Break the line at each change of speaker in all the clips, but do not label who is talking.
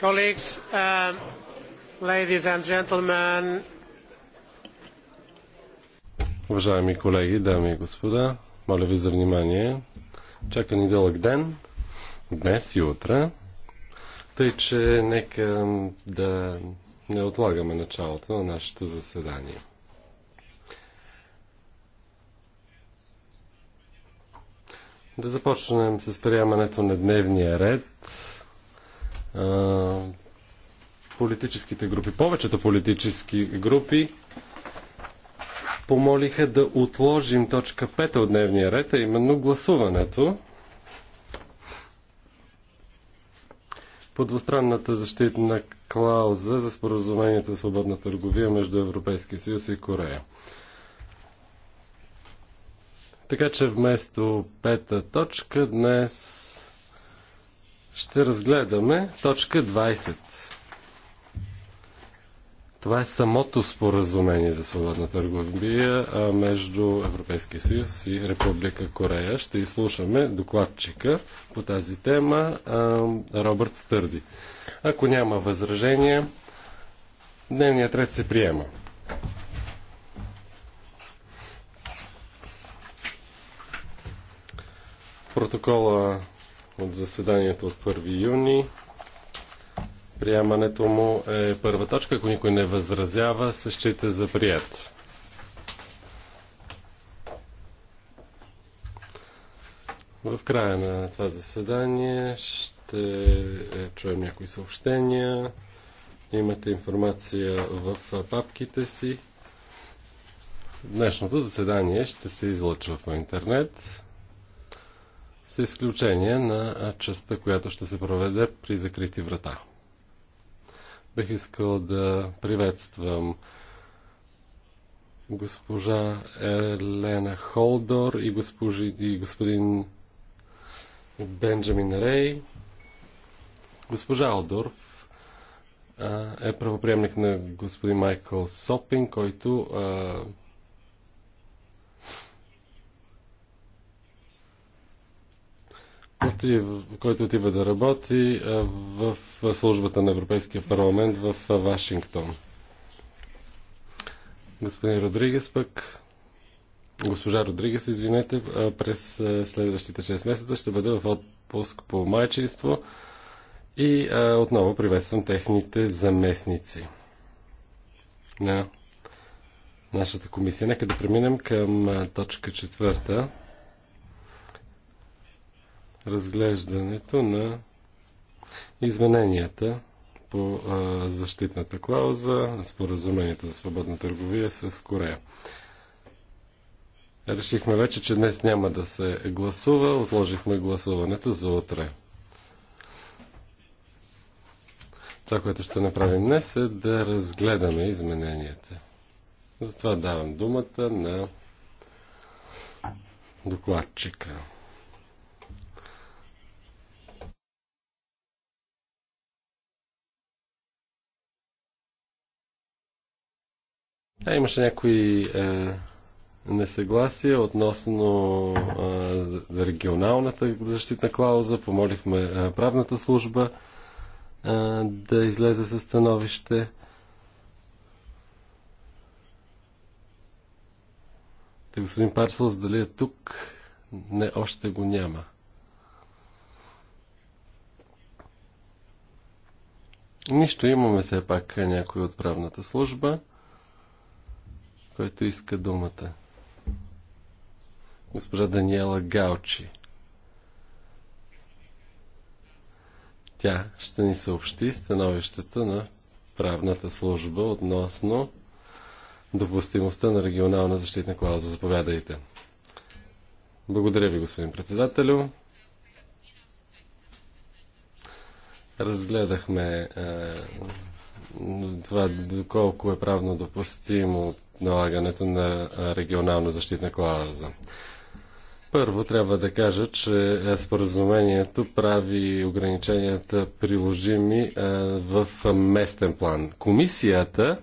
Colleagues, um, ladies and gentlemen.
Уважаеми колеги, дами и господа, моля ви за внимание. Чака ни дълъг ден, днес и утре. Тъй, че нека да не отлагаме началото на нашето заседание. Да започнем с приемането на дневния ред политическите групи, повечето политически групи помолиха да отложим точка 5 от дневния ред, а именно гласуването по двустранната защитна клауза за споразумението за свободна търговия между Европейския съюз и Корея. Така че вместо пета точка днес ще разгледаме точка 20. Това е самото споразумение за свободна търговия между Европейския съюз и Република Корея. Ще изслушаме докладчика по тази тема Робърт Стърди. Ако няма възражения, дневният ред се приема. Протокола от заседанието от 1 юни. Приемането му е първа точка. Ако никой не възразява, се счита за прият. В края на това заседание ще е, чуем някои съобщения. Имате информация в папките си. Днешното заседание ще се излъчва по интернет с изключение на частта, която ще се проведе при закрити врата. Бих искал да приветствам госпожа Елена Холдор и, госпожи, и господин Бенджамин Рей. Госпожа Алдорф е правоприемник на господин Майкъл Сопин, който който отива да работи в службата на Европейския парламент в Вашингтон. Господин Родригес пък, госпожа Родригес, извинете, през следващите 6 месеца ще бъде в отпуск по майчинство и отново приветствам техните заместници на нашата комисия. Нека да преминем към точка четвърта разглеждането на измененията по а, защитната клауза на споразумението за свободна търговия с Корея. Решихме вече, че днес няма да се гласува. Отложихме гласуването за утре. Това, което ще направим днес е да разгледаме измененията. Затова давам думата на докладчика. Да, имаше някои е, несъгласия относно е, регионалната защитна клауза. Помолихме е, правната служба е, да излезе със становище. Те господин Парсълс, дали е тук? Не, още го няма. Нищо, имаме все пак някой от правната служба който иска думата. Госпожа Даниела Галчи. Тя ще ни съобщи становището на правната служба относно допустимостта на регионална защитна клауза. Заповядайте. Благодаря ви, господин председателю. Разгледахме е, това доколко е правно допустимо налагането на регионална защитна клауза. Първо трябва да кажа, че споразумението прави ограниченията приложими в местен план. Комисията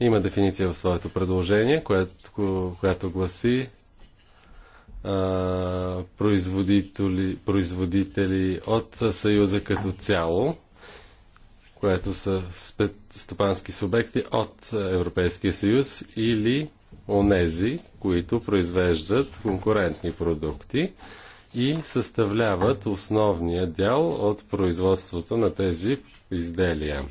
има дефиниция в своето предложение, което, която гласи производители, производители от Съюза като цяло което са стопански субекти от Европейския съюз или онези, които произвеждат конкурентни продукти и съставляват основния дял от производството на тези изделия.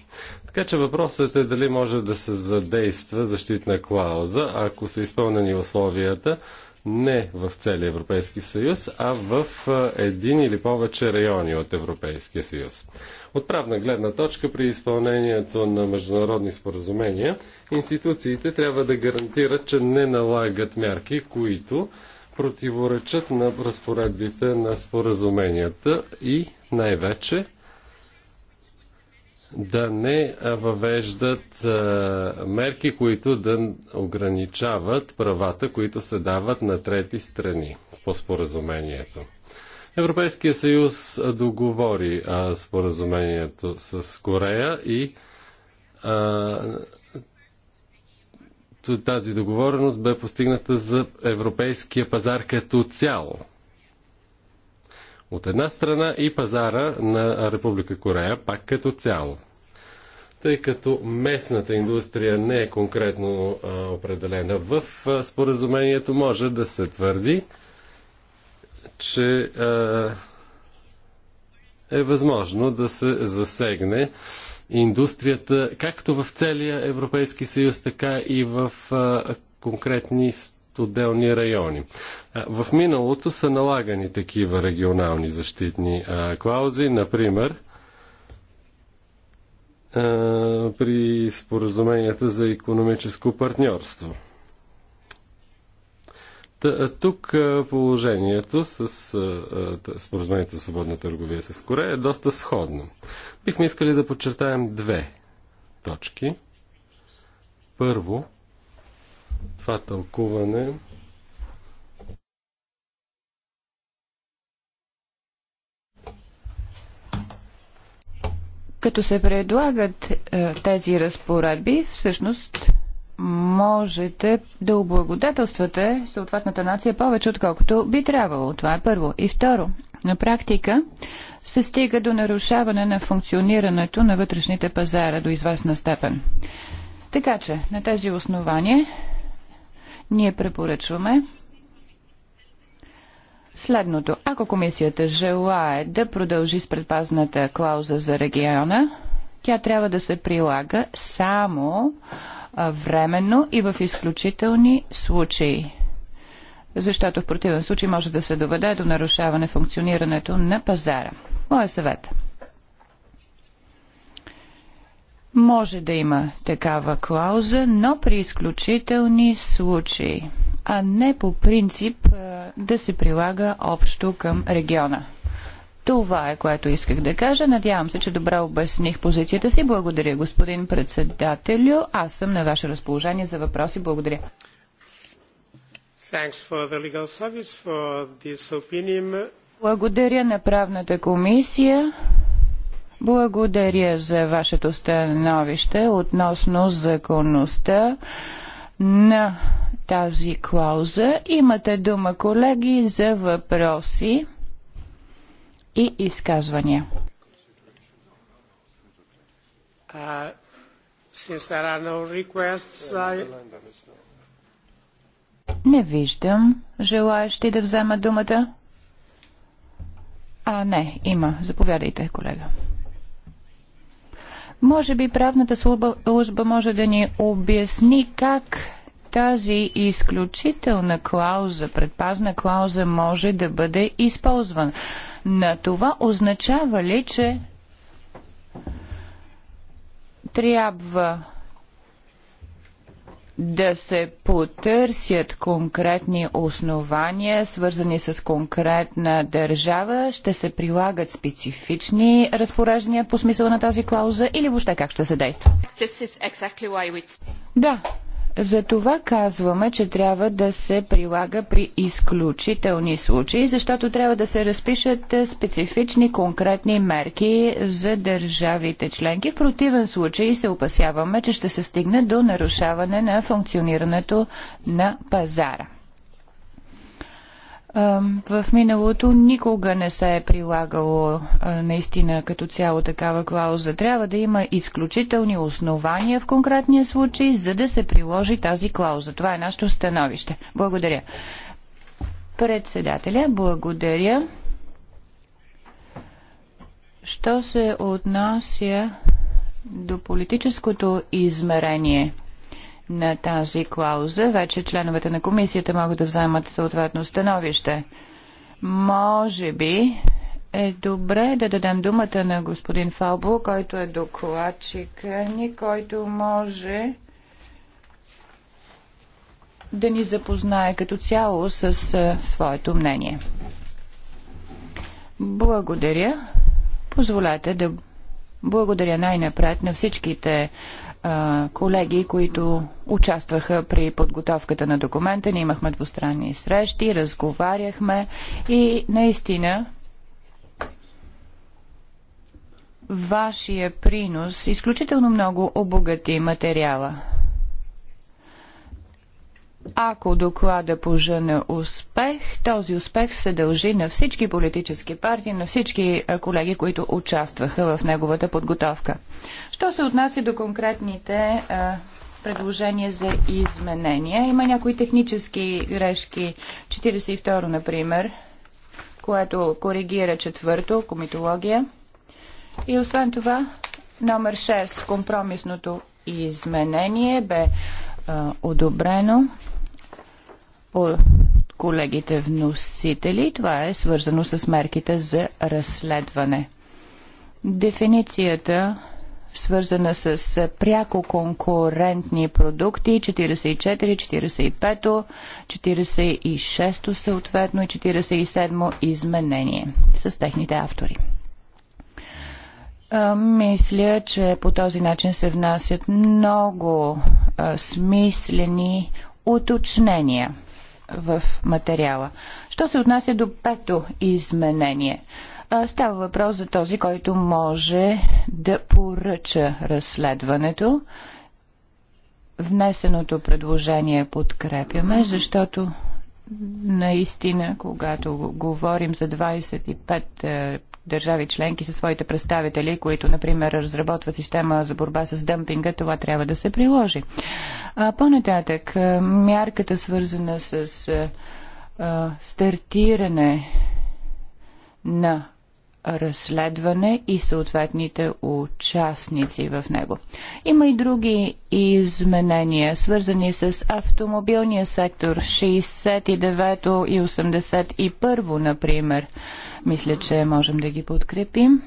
Така че въпросът е дали може да се задейства защитна клауза, ако са изпълнени условията не в целия Европейски съюз, а в един или повече райони от Европейския съюз. От правна гледна точка при изпълнението на международни споразумения, институциите трябва да гарантират, че не налагат мярки, които противоречат на разпоредбите на споразуменията и най-вече да не въвеждат мерки, които да ограничават правата, които се дават на трети страни по споразумението. Европейския съюз договори споразумението с Корея и тази договореност бе постигната за европейския пазар като цяло от една страна и пазара на Република Корея пак като цяло. Тъй като местната индустрия не е конкретно а, определена в а, споразумението, може да се твърди, че а, е възможно да се засегне индустрията както в целия Европейски съюз, така и в а, конкретни отделни райони. В миналото са налагани такива регионални защитни клаузи, например при споразуменията за економическо партньорство. тук положението с споразумението за свободна търговия с Корея е доста сходно. Бихме искали да подчертаем две точки. Първо, това тълкуване.
Като се предлагат е, тези разпоредби, всъщност можете да облагодателствате съответната нация повече, отколкото би трябвало. Това е първо. И второ, на практика се стига до нарушаване на функционирането на вътрешните пазара до известна степен. Така че, на тези основания ние препоръчваме следното. Ако комисията желае да продължи с предпазната клауза за региона, тя трябва да се прилага само временно и в изключителни случаи. Защото в противен случай може да се доведе до нарушаване функционирането на пазара. Моя съвет – Може да има такава клауза, но при изключителни случаи, а не по принцип да се прилага общо към региона. Това е което исках да кажа. Надявам се, че добре обясних позицията си. Благодаря, господин председателю. Аз съм на ваше разположение за въпроси. Благодаря. Благодаря на правната комисия благодаря за вашето становище относно законността на тази клауза. Имате дума, колеги, за въпроси и изказвания.
Uh, no requests, I...
Не виждам желаящи да взема думата. А, не, има. Заповядайте, колега. Може би правната служба може да ни обясни как тази изключителна клауза, предпазна клауза може да бъде използвана. На това означава ли, че трябва да се потърсят конкретни основания, свързани с конкретна държава, ще се прилагат специфични разпореждания по смисъла на тази клауза или въобще как ще се действа? Да, затова казваме, че трябва да се прилага при изключителни случаи, защото трябва да се разпишат е, специфични конкретни мерки за държавите членки. В противен случай се опасяваме, че ще се стигне до нарушаване на функционирането на пазара. В миналото никога не се е прилагало наистина като цяло такава клауза. Трябва да има изключителни основания в конкретния случай, за да се приложи тази клауза. Това е нашето становище. Благодаря. Председателя, благодаря. Що се отнася до политическото измерение – на тази клауза. Вече членовете на комисията могат да вземат съответно становище. Може би е добре да дадем думата на господин Фалбо, който е докладчик ни, който може да ни запознае като цяло с своето мнение. Благодаря. Позволете да благодаря най-напред на всичките а, колеги, които участваха при подготовката на документа. Ние имахме двустранни срещи, разговаряхме и наистина вашия принос изключително много обогати материала. Ако доклада пожена успех, този успех се дължи на всички политически партии, на всички колеги, които участваха в неговата подготовка. Що се отнася до конкретните предложения за изменения, има някои технически грешки. 42, например, което коригира четвърто, комитология. И освен това, номер 6, компромисното изменение бе а, одобрено от колегите вносители. Това е свързано с мерките за разследване. Дефиницията свързана с пряко конкурентни продукти 44, 45, 46 съответно и 47 изменение с техните автори. Мисля, че по този начин се внасят много смислени уточнения – в материала. Що се отнася до пето изменение? Става въпрос за този, който може да поръча разследването. Внесеното предложение подкрепяме, защото наистина, когато говорим за 25 държави членки със своите представители, които, например, разработват система за борба с дъмпинга, това трябва да се приложи. по-нататък, мярката свързана с а, стартиране на разследване и съответните участници в него. Има и други изменения, свързани с автомобилния сектор 69 и 81, например. Мисля, че можем да ги подкрепим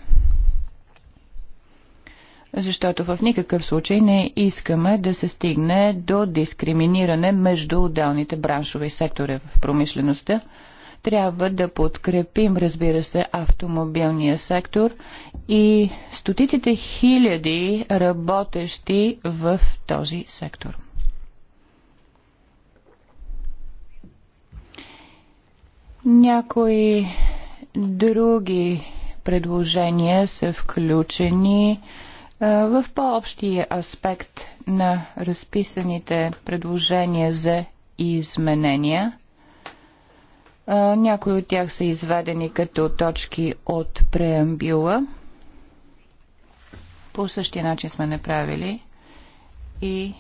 защото в никакъв случай не искаме да се стигне до дискриминиране между отделните браншове и сектори в промишлеността. Трябва да подкрепим, разбира се, автомобилния сектор и стотиците хиляди работещи в този сектор. Някои други предложения са включени в по-общия аспект на разписаните предложения за изменения. Някои от тях са изведени като точки от преамбюла. По същия начин сме направили и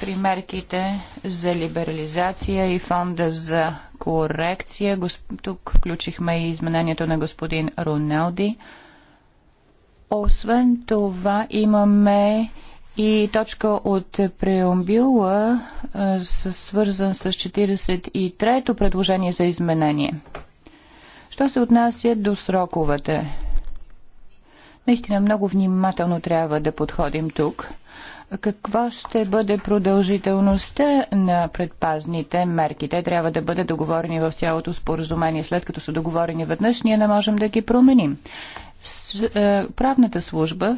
примерките за либерализация и фонда за корекция. Тук включихме и изменението на господин Роналди. Освен това имаме и точка от преамбюла свързан с 43-то предложение за изменение. Що се отнася до сроковете? Наистина много внимателно трябва да подходим тук. Каква ще бъде продължителността на предпазните мерки? Те трябва да бъдат договорени в цялото споразумение. След като са договорени веднъж, ние не можем да ги променим. С, е, правната служба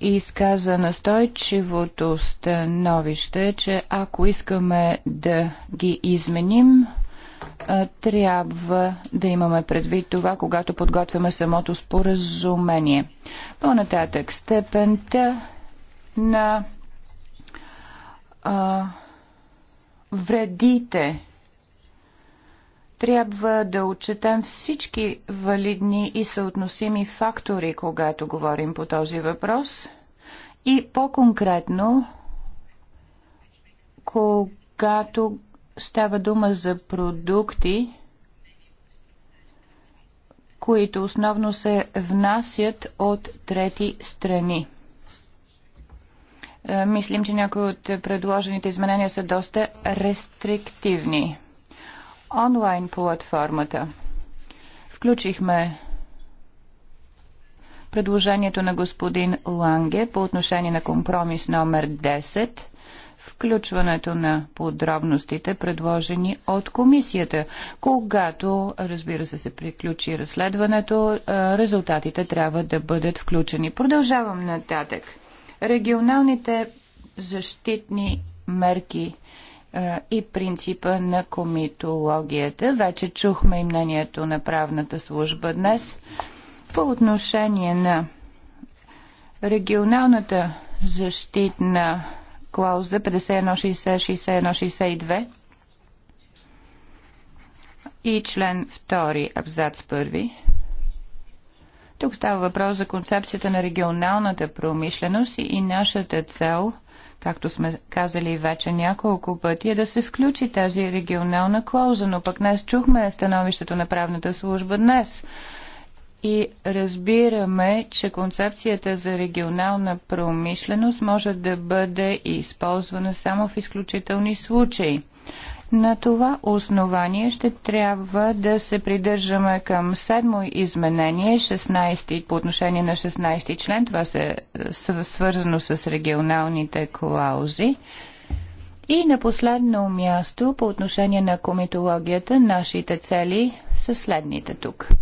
изказа настойчивото становище, че ако искаме да ги изменим, трябва да имаме предвид това, когато подготвяме самото споразумение. По-нататък степента на а, вредите трябва да отчетем всички валидни и съотносими фактори, когато говорим по този въпрос. И по-конкретно, когато става дума за продукти, които основно се внасят от трети страни. Е, мислим, че някои от предложените изменения са доста рестриктивни онлайн платформата. Включихме предложението на господин Ланге по отношение на компромис номер 10 включването на подробностите, предложени от комисията. Когато, разбира се, се приключи разследването, резултатите трябва да бъдат включени. Продължавам нататък. Регионалните защитни мерки и принципа на комитологията. Вече чухме и мнението на правната служба днес. По отношение на регионалната защитна клауза 5160-6162 и член 2 абзац 1. Тук става въпрос за концепцията на регионалната промишленост и нашата цел – както сме казали вече няколко пъти, е да се включи тази регионална клауза, но пък днес чухме становището на правната служба днес. И разбираме, че концепцията за регионална промишленост може да бъде използвана само в изключителни случаи – на това основание ще трябва да се придържаме към седмо изменение 16, по отношение на 16 член. Това се свързано с регионалните клаузи. И на последно място, по отношение на комитологията, нашите цели са следните тук –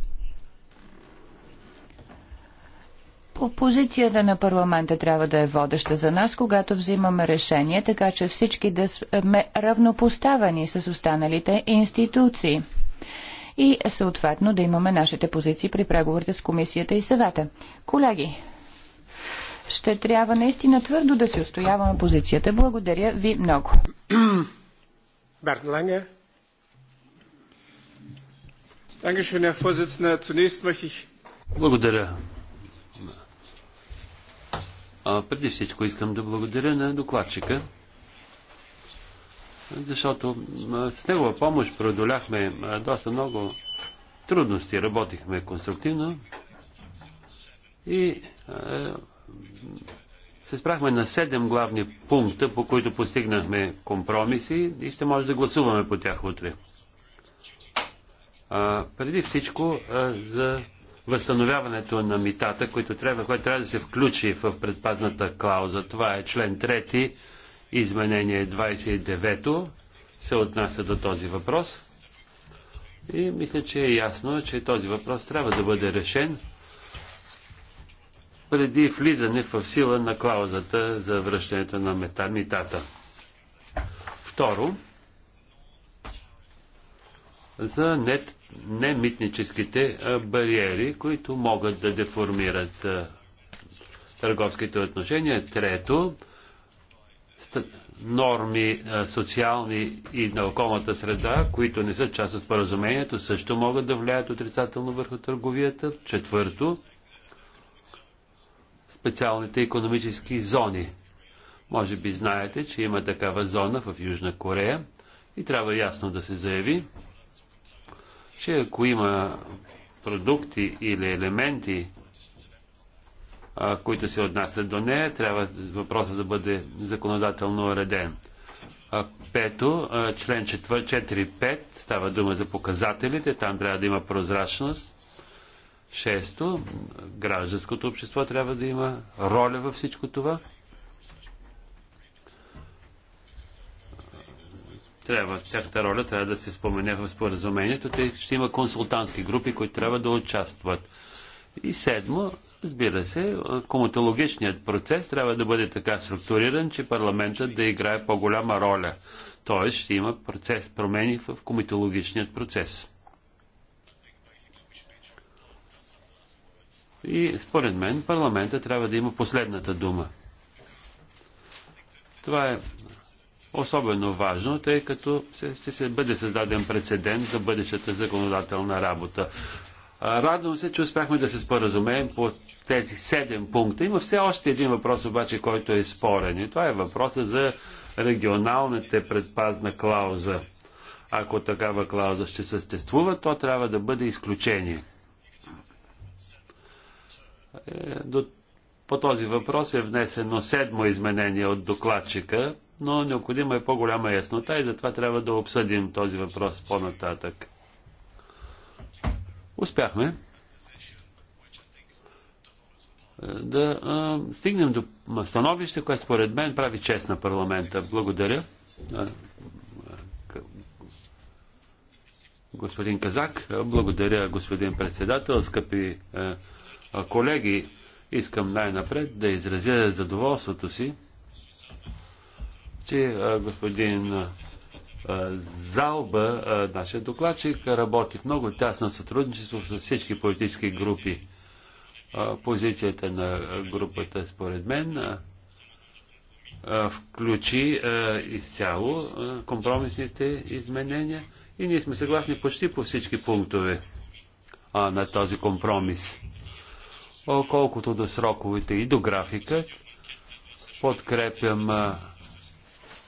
Позицията на парламента трябва да е водеща за нас, когато взимаме решение, така че всички да сме равнопоставени с останалите институции и съответно да имаме нашите позиции при преговорите с комисията и съвета. Колеги, ще трябва наистина твърдо да си устояваме позицията. Благодаря ви много.
Благодаря, преди всичко искам да благодаря на докладчика, защото с негова помощ преодоляхме доста много трудности, работихме конструктивно и е, се спрахме на седем главни пункта, по които постигнахме компромиси и ще може да гласуваме по тях утре. А, преди всичко а, е, за възстановяването на митата, което трябва, който трябва да се включи в предпазната клауза. Това е член 3, изменение 29 се отнася до този въпрос. И мисля, че е ясно, че този въпрос трябва да бъде решен преди влизане в сила на клаузата за връщането на мета, Второ, за немитническите бариери, които могат да деформират търговските отношения. Трето, норми социални и на околната среда, които не са част от споразумението, също могат да влияят отрицателно върху търговията. Четвърто, специалните економически зони. Може би знаете, че има такава зона в Южна Корея и трябва ясно да се заяви, че ако има продукти или елементи, а, които се отнасят до нея, трябва въпросът да бъде законодателно уреден. А, пето, а, член 4.5 става дума за показателите, там трябва да има прозрачност. Шесто, гражданското общество трябва да има роля във всичко това. трябва, всяката роля трябва да се спомене в споразумението, тъй ще има консултантски групи, които трябва да участват. И седмо, разбира се, коматологичният процес трябва да бъде така структуриран, че парламентът да играе по-голяма роля. Тоест ще има процес, промени в коматологичният процес. И според мен парламента трябва да има последната дума. Това е особено важно, тъй като ще се, бъде създаден прецедент за бъдещата законодателна работа. Радвам се, че успяхме да се споразумеем по тези седем пункта. Има все още един въпрос обаче, който е спорен. И това е въпроса за регионалната предпазна клауза. Ако такава клауза ще съществува, то трябва да бъде изключение. Е, по този въпрос е внесено седмо изменение от докладчика, но необходима е по-голяма яснота и затова трябва да обсъдим този въпрос по-нататък. Успяхме е, да а, стигнем до становище, което според мен прави чест на парламента. Благодаря. Господин Казак, благодаря, господин председател, скъпи а, е, колеги. Искам най-напред да изразя задоволството си, че господин Залба, нашия докладчик, работи в много тясно сътрудничество с всички политически групи. Позицията на групата, според мен, включи изцяло компромисните изменения и ние сме съгласни почти по всички пунктове на този компромис. Колкото до сроковете и до графика, подкрепям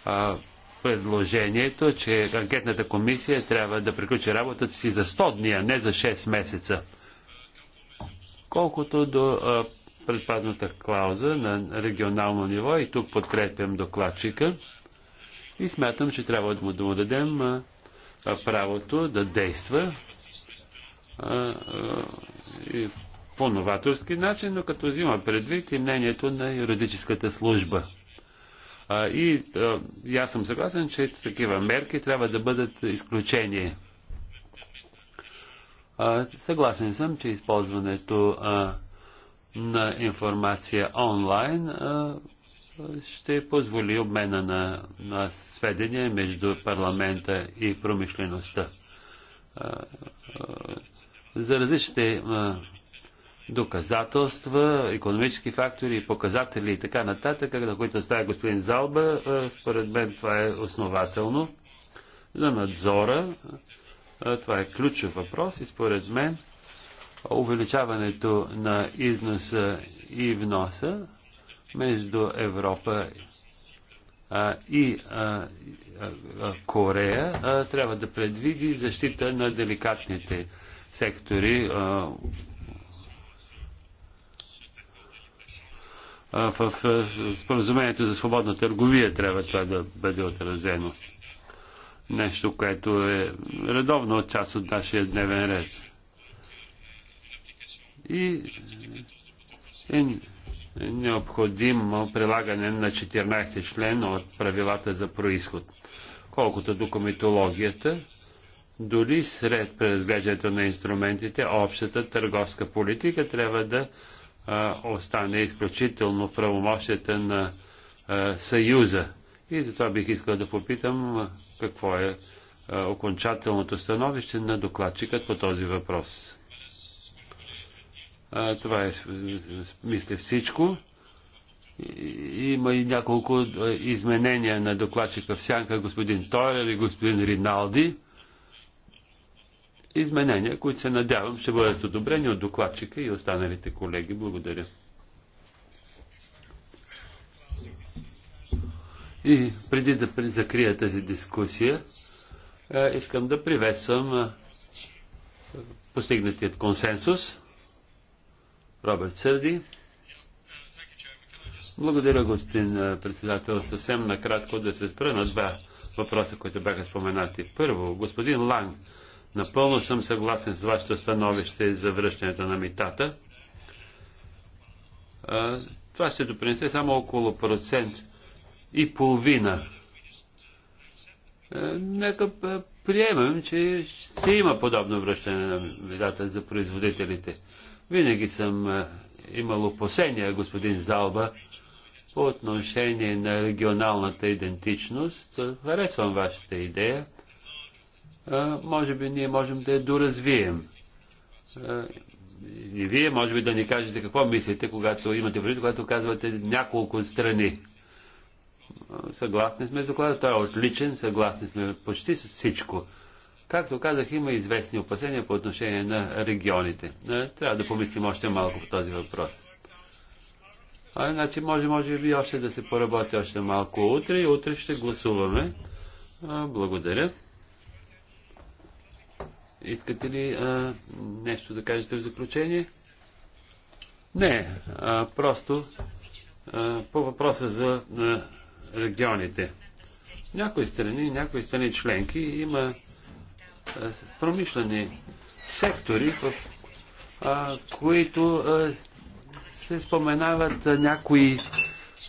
а, предложението, че анкетната комисия трябва да приключи работата си за 100 дни, не за 6 месеца. Колкото до а, предпадната клауза на регионално ниво, и тук подкрепям докладчика, и смятам, че трябва да му, да а, а, правото да действа а, а, и по новаторски начин, но като взима предвид и мнението на юридическата служба. А, и, а, аз съм съгласен, че такива мерки трябва да бъдат изключение. А, съгласен съм, че използването а, на информация онлайн а, ще позволи обмена на, на сведения между парламента и промишлеността. за различните доказателства, економически фактори, показатели и така нататък, на които става господин Залба. Според мен това е основателно. За надзора това е ключов въпрос и според мен увеличаването на износа и вноса между Европа и Корея трябва да предвиди защита на деликатните сектори, в споразумението за свободна търговия трябва това да бъде отразено. Нещо, което е редовно от част от нашия дневен ред. И е необходимо прилагане на 14 член от правилата за происход. Колкото до комитологията, дори сред преразглеждането на инструментите, общата търговска политика трябва да остане изключително в правомощията на Съюза. И затова бих искал да попитам какво е окончателното становище на докладчикът по този въпрос. Това е, мисля, всичко. Има и няколко изменения на докладчика в сянка господин Тойер и господин Риналди изменения, които се надявам ще бъдат одобрени от докладчика и останалите колеги. Благодаря. И преди да закрия тази дискусия, искам да приветствам постигнатият консенсус. Робърт Сърди. Благодаря, господин председател. Съвсем накратко да се спра на два въпроса, които бяха споменати. Първо, господин Ланг Напълно съм съгласен с вашето становище за връщането на митата. Това ще допринесе само около процент и половина. Нека приемем, че ще има подобно връщане на митата за производителите. Винаги съм имал опасения, господин Залба, по отношение на регионалната идентичност. Харесвам вашата идея може би ние можем да я доразвием. И вие може би да ни кажете какво мислите, когато имате предвид, когато казвате няколко страни. Съгласни сме с доклада, той е отличен, съгласни сме почти с всичко. Както казах, има известни опасения по отношение на регионите. Трябва да помислим още малко по този въпрос. А, значи, може, може би още да се поработи още малко утре и утре ще гласуваме. благодаря. Искате ли а, нещо да кажете в заключение? Не, а, просто а, по въпроса за а, регионите. Някои страни, някои страни членки има а, промишлени сектори, в а, които а, се споменават а, някои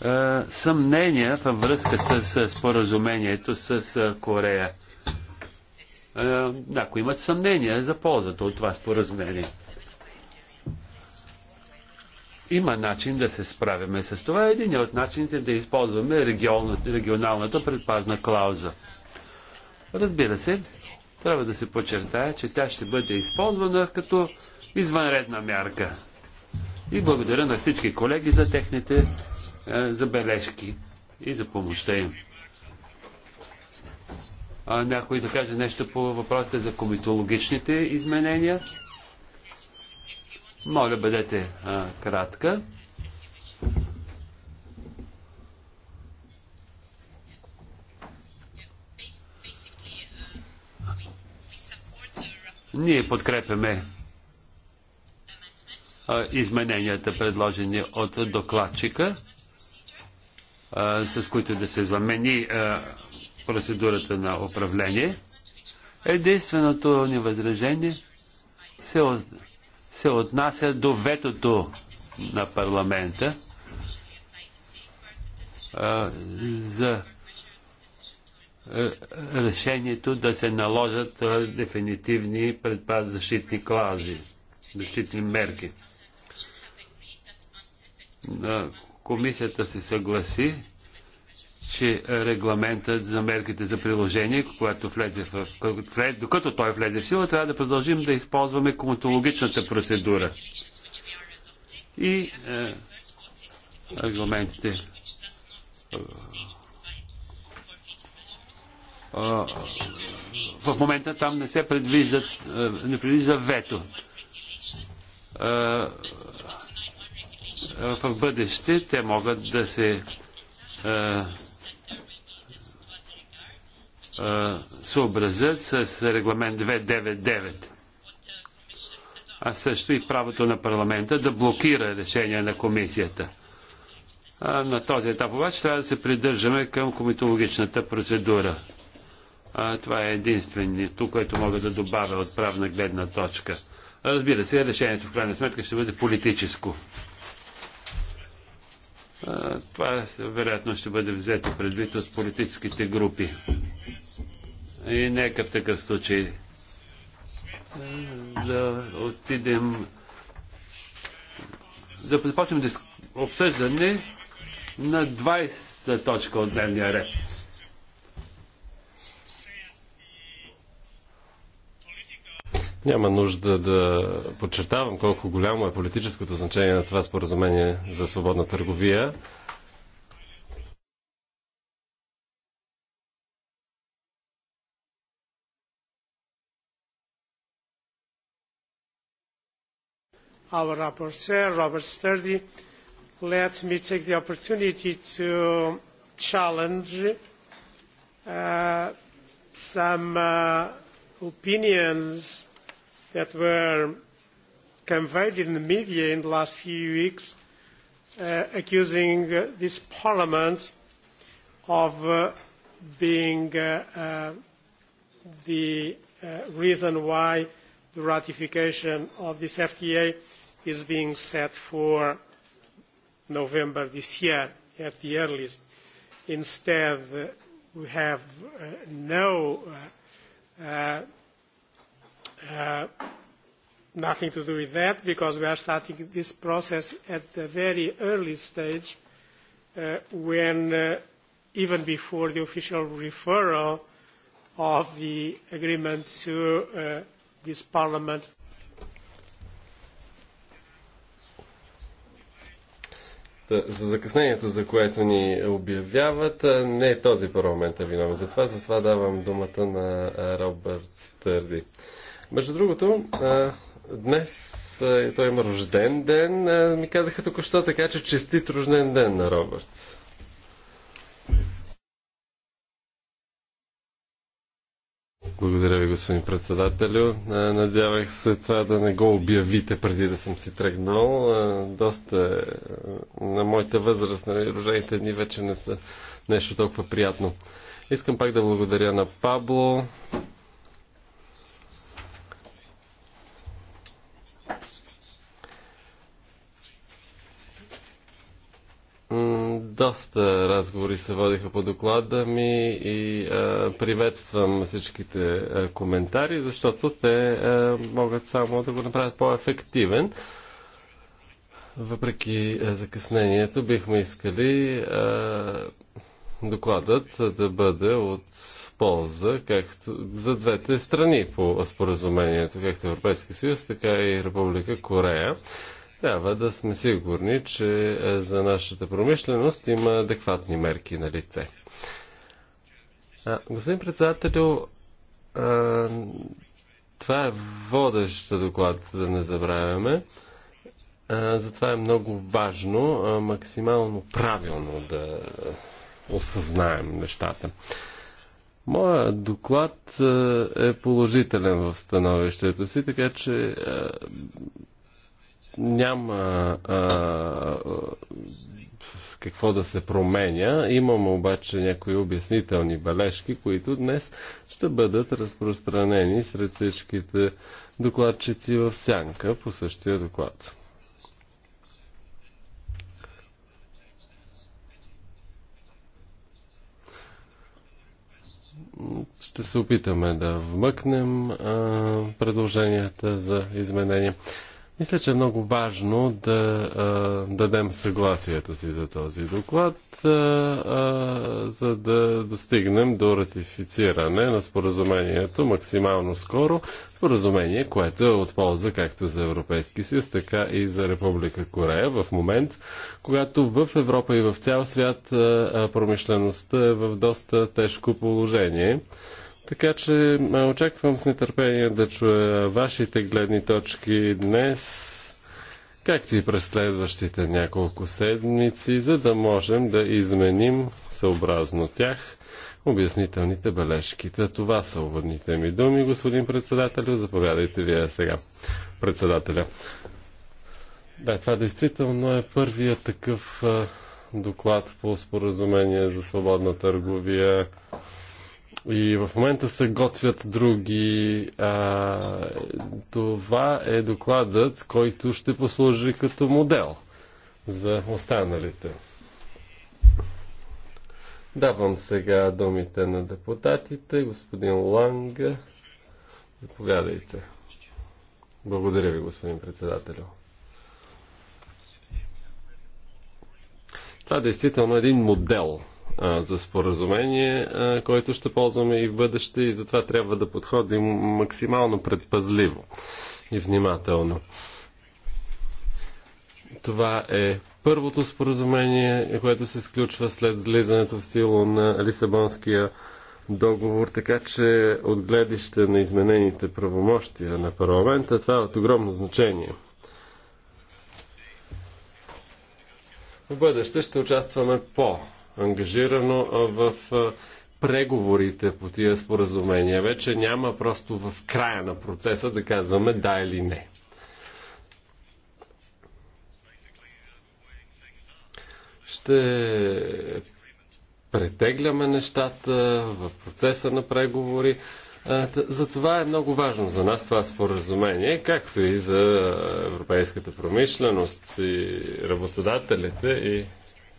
а, съмнения във връзка с, с споразумението с а, Корея ако имат съмнение за ползата от това споразумение. Има начин да се справяме с това. Един от начините е да използваме регионалната предпазна клауза. Разбира се, трябва да се подчертая, че тя ще бъде използвана като извънредна мярка. И благодаря на всички колеги за техните е, забележки и за помощта им а, някой да каже нещо по въпросите за комитологичните изменения? Моля, бъдете а, кратка. Ние подкрепяме а, измененията, предложени от докладчика, а, с които да се замени а, процедурата на управление. Единственото ни възражение се, от, се отнася до ветото на парламента а, за решението да се наложат дефинитивни предпазащитни клази, клаузи, защитни мерки. комисията се съгласи, че регламента за мерките за приложение, когато влезе в, докато той влезе в сила, трябва да продължим да използваме коматологичната процедура. И е, регламентите е, е, в момента там не се предвиждат, е, не предвижда вето. В бъдеще те могат да се съобразят с регламент 299 а също и правото на парламента да блокира решения на комисията. А на този етап обаче трябва да се придържаме към комитологичната процедура. А, това е единственото, което мога да добавя от правна гледна точка. Разбира се, решението в крайна сметка ще бъде политическо. Това вероятно ще бъде взето предвид от политическите групи. И нека в такъв случай да отидем да започнем обсъждане на 20-та точка от дневния ред.
Няма нужда да подчертавам колко голямо е политическото значение на това споразумение за свободна търговия.
our rapporteur, Robert Sturdy, lets me take the opportunity to challenge uh, some uh, opinions that were conveyed in the media in the last few weeks accusing this parliament of being the reason why the ratification of this FTA is being set for November this year at the earliest. Instead, we have no nothing to do with that because we are starting this process at the very early stage when even before the official referral of the agreement to this parliament.
За закъснението, за което ни обявяват, не е този парламент виновен за това. затова давам думата на Робърт Стърди. Между другото, днес той има рожден ден. Ми казаха току-що така, че честит рожден ден на Робърт. Благодаря ви, господин председателю. Надявах се това да не го обявите преди да съм си тръгнал. Доста на моята възраст, на нали, рожените дни вече не са нещо толкова приятно. Искам пак да благодаря на Пабло, Доста разговори се водиха по доклада ми и а, приветствам всичките а, коментари, защото те а, могат само да го направят по-ефективен. Въпреки а, закъснението, бихме искали а, докладът да бъде от полза както за двете страни по споразумението, както Европейския съюз, така и Република Корея. Трябва да сме сигурни, че е, за нашата промишленост има адекватни мерки на лице. А, господин председател, а, това е водещ доклад, да не забравяме. А, затова е много важно а, максимално правилно да осъзнаем нещата. Моя доклад е положителен в становището си, така че няма а, какво да се променя. Имам обаче някои обяснителни бележки, които днес ще бъдат разпространени сред всичките докладчици в сянка по същия доклад. Ще се опитаме да вмъкнем а, предложенията за изменения. Мисля, че е много важно да а, дадем съгласието си за този доклад, а, а, за да достигнем до ратифициране на споразумението максимално скоро. Споразумение, което е от полза както за Европейски съюз, така и за Република Корея в момент, когато в Европа и в цял свят а, промишлеността е в доста тежко положение. Така че очаквам с нетърпение да чуя вашите гледни точки днес, както и през следващите няколко седмици, за да можем да изменим съобразно тях обяснителните бележки. Та това са уводните ми думи, господин председателю. Заповядайте вие сега, председателя. Да, това действително е първият такъв доклад по споразумение за свободна търговия и в момента се готвят други. А, това е докладът, който ще послужи като модел за останалите. Давам сега думите на депутатите. Господин Ланга, заповядайте. Благодаря ви, господин председателю. Това е действително е един модел за споразумение, който ще ползваме и в бъдеще и затова трябва да подходим максимално предпазливо и внимателно. Това е първото споразумение, което се сключва след влизането в сила на Лисабонския договор, така че от гледище на изменените правомощия на парламента, това е от огромно значение. В бъдеще ще участваме по ангажирано в преговорите по тия споразумения. Вече няма просто в края на процеса да казваме да или не. Ще претегляме нещата в процеса на преговори. Затова е много важно за нас това споразумение, както и за европейската промишленост и работодателите и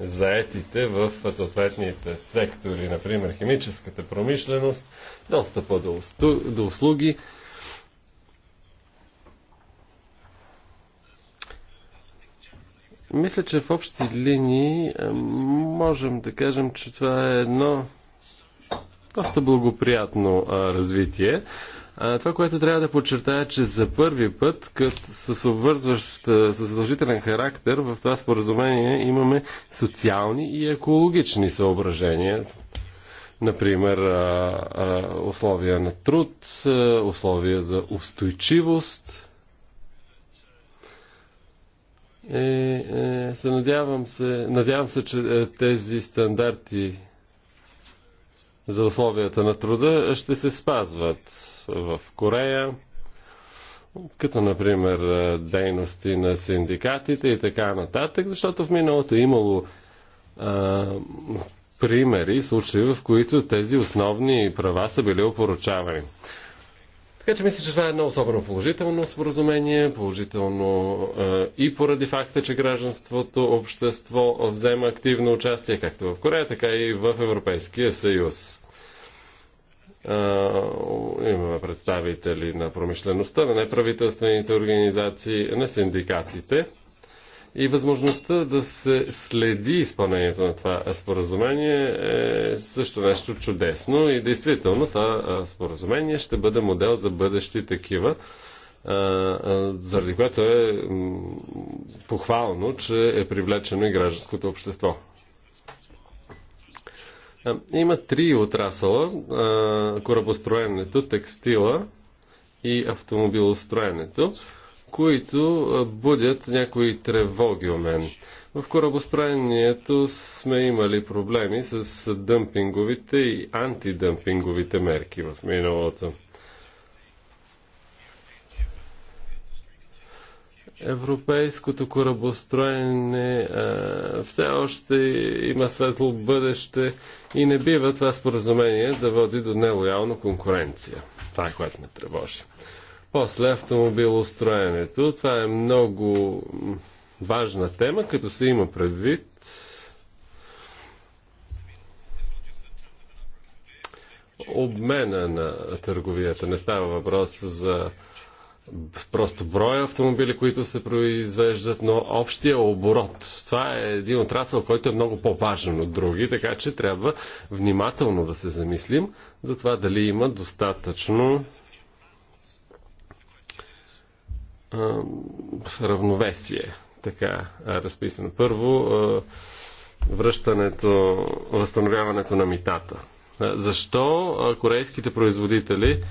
заетите в съответните сектори, например химическата промишленост, достъпа до, до услуги. Мисля, че в общи линии е, можем да кажем, че това е едно доста благоприятно развитие. Това, което трябва да подчертая, е, че за първи път, като с обвързващ, с задължителен характер, в това споразумение имаме социални и екологични съображения. Например, условия на труд, условия за устойчивост. Е, е, се надявам се, надявам се, че е, тези стандарти за условията на труда ще се спазват в Корея, като например е, дейности на синдикатите и така нататък, защото в миналото е имало а, примери, случаи, в които тези основни права са били опоручавани. Така че мисля, че това е едно особено положително споразумение, положително е, и поради факта, че гражданството общество взема активно участие както в Корея, така и в Европейския съюз. Е, имаме представители на промишлеността, на неправителствените организации, на синдикатите. И възможността да се следи изпълнението на това споразумение е също нещо чудесно и действително това споразумение ще бъде модел за бъдещи такива, заради което е похвално, че е привлечено и гражданското общество. Има три отрасъла корабостроенето, текстила и автомобилостроенето които будят някои тревоги у мен. В корабостроението сме имали проблеми с дъмпинговите и антидъмпинговите мерки в миналото. Европейското корабостроене а, все още има светло бъдеще и не бива това споразумение да води до нелоялна конкуренция. Това е което ме тревожи. После автомобилостроенето. Това е много важна тема, като се има предвид, обмена на търговията. Не става въпрос за просто броя автомобили, които се произвеждат, но общия оборот. Това е един отрасъл, който е много по-важен от други, така че трябва внимателно да се замислим за това дали има достатъчно равновесие, така разписано. Първо, връщането, възстановяването на митата. Защо корейските производители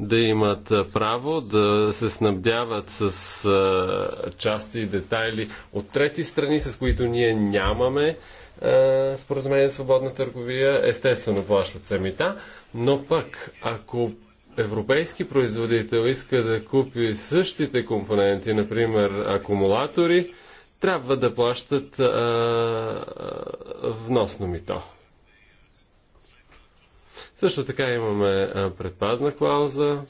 да имат право да се снабдяват с части и детайли от трети страни, с които ние нямаме споразумение за свободна търговия, естествено плащат се мита, но пък ако европейски производител иска да купи същите компоненти, например акумулатори, трябва да плащат а, а, вносно мито. Също така имаме предпазна клауза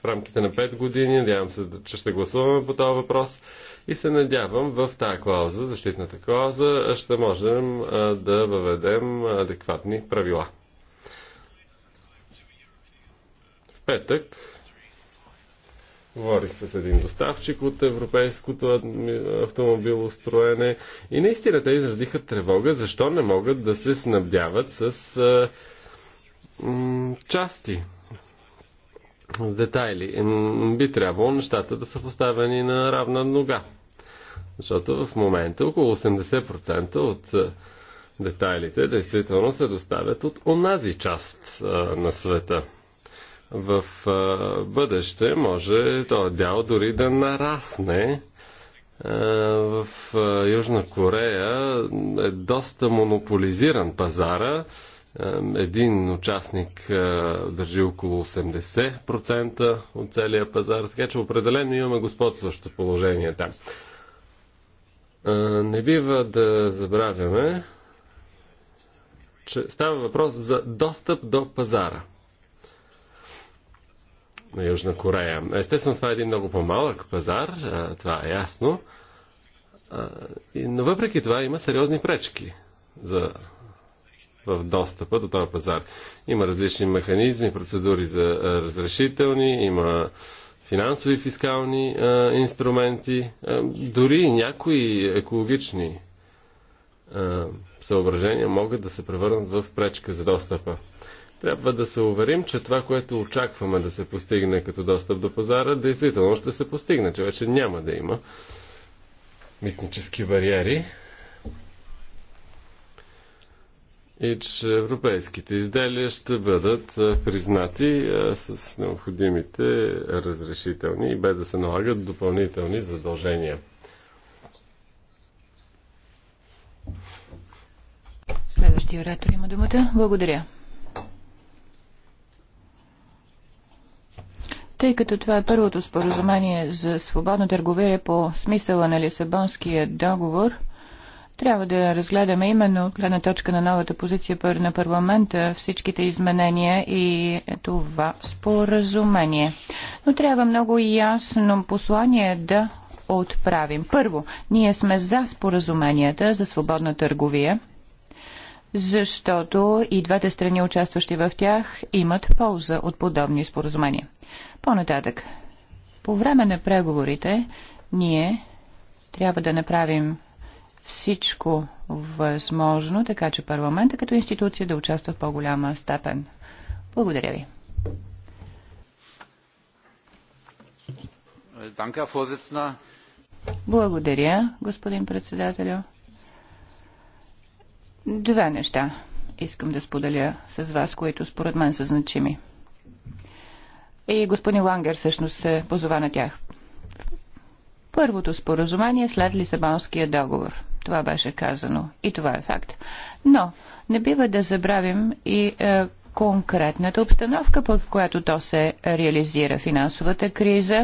в рамките на 5 години. Надявам се, че ще гласуваме по този въпрос и се надявам в тази клауза, защитната клауза, ще можем да въведем адекватни правила. петък говорих с един доставчик от европейското автомобилостроене и наистина те изразиха тревога, защо не могат да се снабдяват с а, м, части, с детайли. Би трябвало нещата да са поставени на равна нога. Защото в момента около 80% от детайлите действително се доставят от онази част а, на света – в бъдеще може този дял дори да нарасне. В Южна Корея е доста монополизиран пазара. Един участник държи около 80% от целия пазар, така че определено имаме господстващо положение там. Не бива да забравяме, че става въпрос за достъп до пазара на Южна Корея. Естествено, това е един много по-малък пазар, това е ясно. Но въпреки това има сериозни пречки за в достъпа до този пазар. Има различни механизми, процедури за разрешителни, има финансови фискални инструменти, дори някои екологични съображения могат да се превърнат в пречка за достъпа. Трябва да се уверим, че това, което очакваме да се постигне като достъп до пазара, действително ще се постигне, че вече няма да има митнически бариери и че европейските изделия ще бъдат признати с необходимите разрешителни и без да се налагат допълнителни задължения.
Следващия оратор има думата. Благодаря. Тъй като това е първото споразумение за свободно търговие по смисъла на Лисабонския договор, трябва да разгледаме именно от гледна точка на новата позиция на парламента всичките изменения и това споразумение. Но трябва много ясно послание да отправим. Първо, ние сме за споразуменията за свободна търговия, защото и двете страни, участващи в тях, имат полза от подобни споразумения. По-нататък. По време на преговорите ние трябва да направим всичко възможно, така че парламента като институция да участва в по-голяма степен. Благодаря ви. Благодаря, господин председателю. Две неща искам да споделя с вас, които според мен са значими и господин Лангер всъщност се позова на тях. Първото споразумение е след Лисабонския договор. Това беше казано и това е факт. Но не бива да забравим и е, конкретната обстановка, под която то се реализира финансовата криза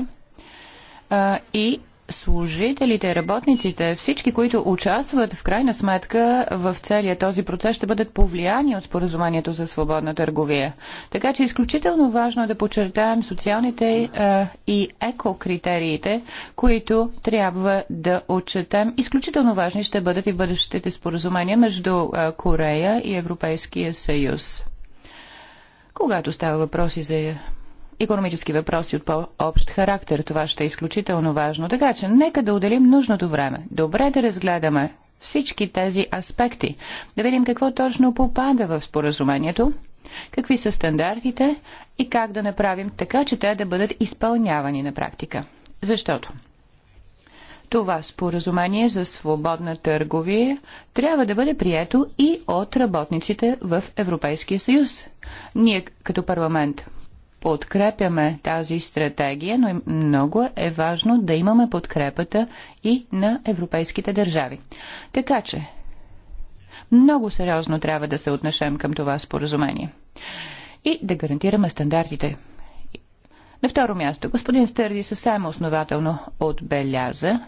е, и служителите, работниците, всички, които участват в крайна сметка в целия този процес, ще бъдат повлияни от споразумението за свободна търговия. Така че изключително важно е да подчертаем социалните е, и екокритериите, които трябва да отчетем. Изключително важни ще бъдат и бъдещите споразумения между е, Корея и Европейския съюз. Когато става въпроси за економически въпроси от по-общ характер. Това ще е изключително важно. Така че нека да отделим нужното време. Добре да разгледаме всички тези аспекти. Да видим какво точно попада в споразумението, какви са стандартите и как да направим така, че те да бъдат изпълнявани на практика. Защото това споразумение за свободна търговия трябва да бъде прието и от работниците в Европейския съюз. Ние като парламент подкрепяме тази стратегия, но много е важно да имаме подкрепата и на европейските държави. Така че, много сериозно трябва да се отнесем към това споразумение и да гарантираме стандартите. На второ място, господин Стърди съвсем основателно отбеляза,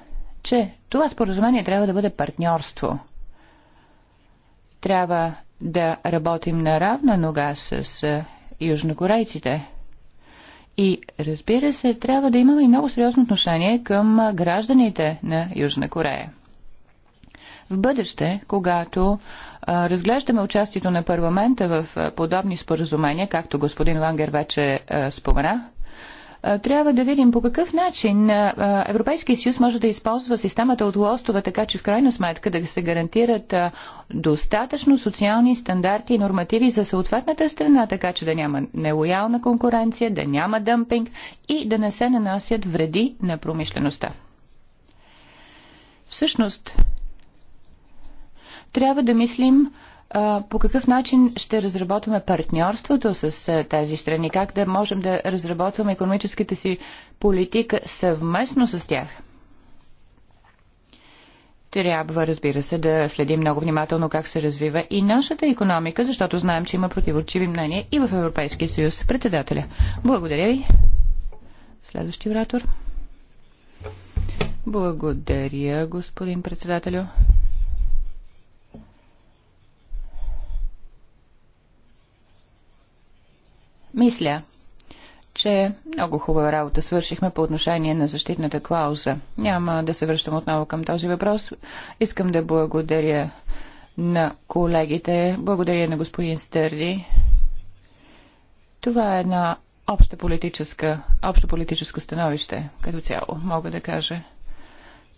че това споразумение трябва да бъде партньорство. Трябва да работим на равна нога с е, южнокорейците. И разбира се, трябва да имаме и много сериозно отношение към гражданите на Южна Корея. В бъдеще, когато а, разглеждаме участието на парламента в а, подобни споразумения, както господин Лангер вече а, спомена, трябва да видим по какъв начин Европейския съюз може да използва системата от лостове, така че в крайна сметка да се гарантират достатъчно социални стандарти и нормативи за съответната страна, така че да няма нелоялна конкуренция, да няма дъмпинг и да не се нанасят вреди на промишлеността. Всъщност, трябва да мислим по какъв начин ще разработваме партньорството с тези страни? Как да можем да разработваме економическата си политика съвместно с тях? Трябва, разбира се, да следим много внимателно как се развива и нашата економика, защото знаем, че има противоречиви мнения и в Европейския съюз. Председателя. Благодаря ви. Следващи оратор. Благодаря, господин председателю. Мисля, че много хубава работа свършихме по отношение на защитната клауза. Няма да се връщам отново към този въпрос. Искам да благодаря на колегите, благодаря на господин Стърди. Това е една обща политическа, общо политическо становище като цяло. Мога да кажа,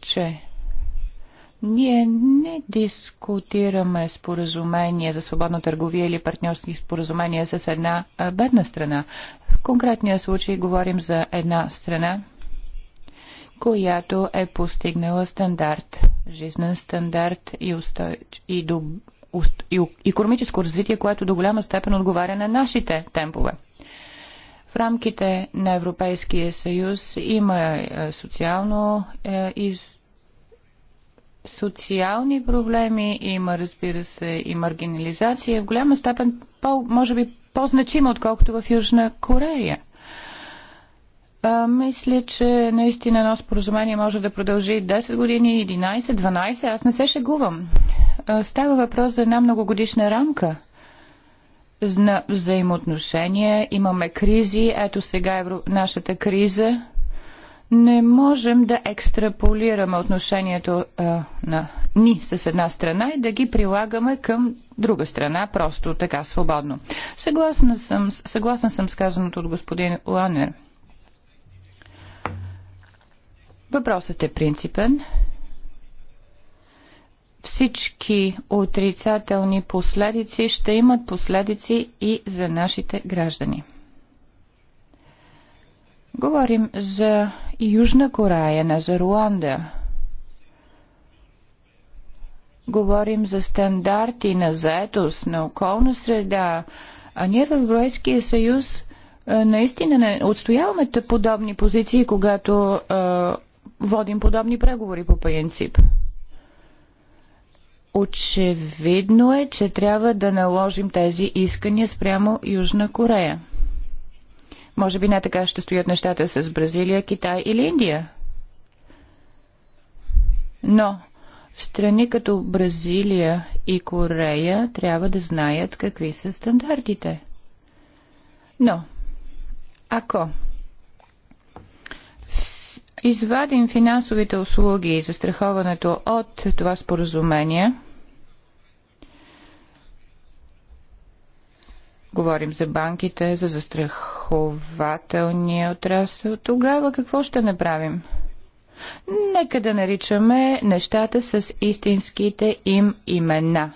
че ние не дискутираме споразумение за свободна търговия или партньорски споразумения с една бедна страна. В конкретния случай говорим за една страна, която е постигнала стандарт, жизнен стандарт и, устой... и, до... уст... и економическо развитие, което до голяма степен отговаря на нашите темпове. В рамките на Европейския съюз има е, социално е, из социални проблеми, има, разбира се, и маргинализация, в голяма степен, по, може би, по-значима, отколкото в Южна Корея. А, мисля, че наистина едно споразумение може да продължи 10 години, 11, 12, аз не се шегувам. А, става въпрос за една многогодишна рамка на взаимоотношения, имаме кризи, ето сега е нашата криза, не можем да екстраполираме отношението а, на ни с една страна и да ги прилагаме към друга страна, просто така свободно. Съгласна съм, съгласна съм с казаното от господин Ланер. Въпросът е принципен. Всички отрицателни последици ще имат последици и за нашите граждани. Говорим за Южна Корея, не за Руанда. Говорим за стандарти на заетост, на околна среда, а ние в Европейския съюз е, наистина не отстояваме подобни позиции, когато е, водим подобни преговори по принцип. Очевидно е, че трябва да наложим тези искания спрямо Южна Корея. Може би не така ще стоят нещата с Бразилия, Китай или Индия. Но страни като Бразилия и Корея трябва да знаят какви са стандартите. Но, ако извадим финансовите услуги и застраховането от това споразумение – Говорим за банките, за застрахователния отрасъл. Тогава какво ще направим? Нека да наричаме нещата с истинските им имена.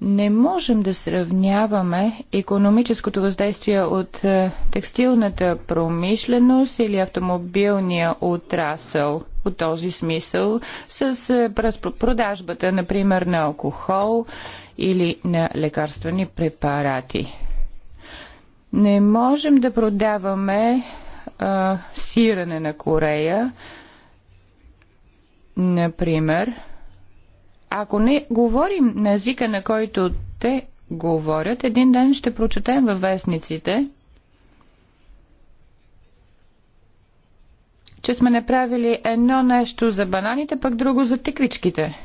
Не можем да сравняваме економическото въздействие от е, текстилната промишленост или автомобилния отрасъл от този смисъл с е, продажбата, например, на алкохол или на лекарствени препарати. Не можем да продаваме а, сиране на Корея, например, ако не говорим на езика, на който те говорят, един ден ще прочетем във вестниците, че сме направили едно нещо за бананите, пък друго за тиквичките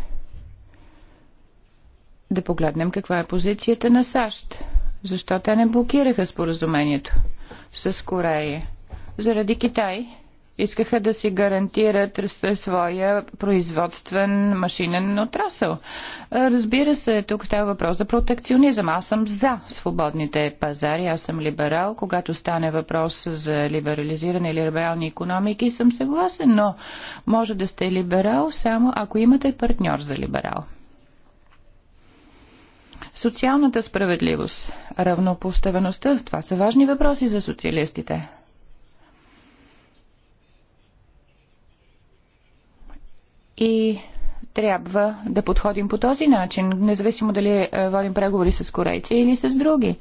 да погледнем каква е позицията на САЩ. Защо те не блокираха споразумението с Корея? Заради Китай искаха да си гарантират своя производствен машинен отрасъл. Разбира се, тук става въпрос за протекционизъм. Аз съм за свободните пазари, аз съм либерал. Когато стане въпрос за либерализиране или либерални економики, съм съгласен, но може да сте либерал само ако имате партньор за либерал. Социалната справедливост, равнопоставеността, това са важни въпроси за социалистите. И трябва да подходим по този начин, независимо дали е, водим преговори с корейци или с други.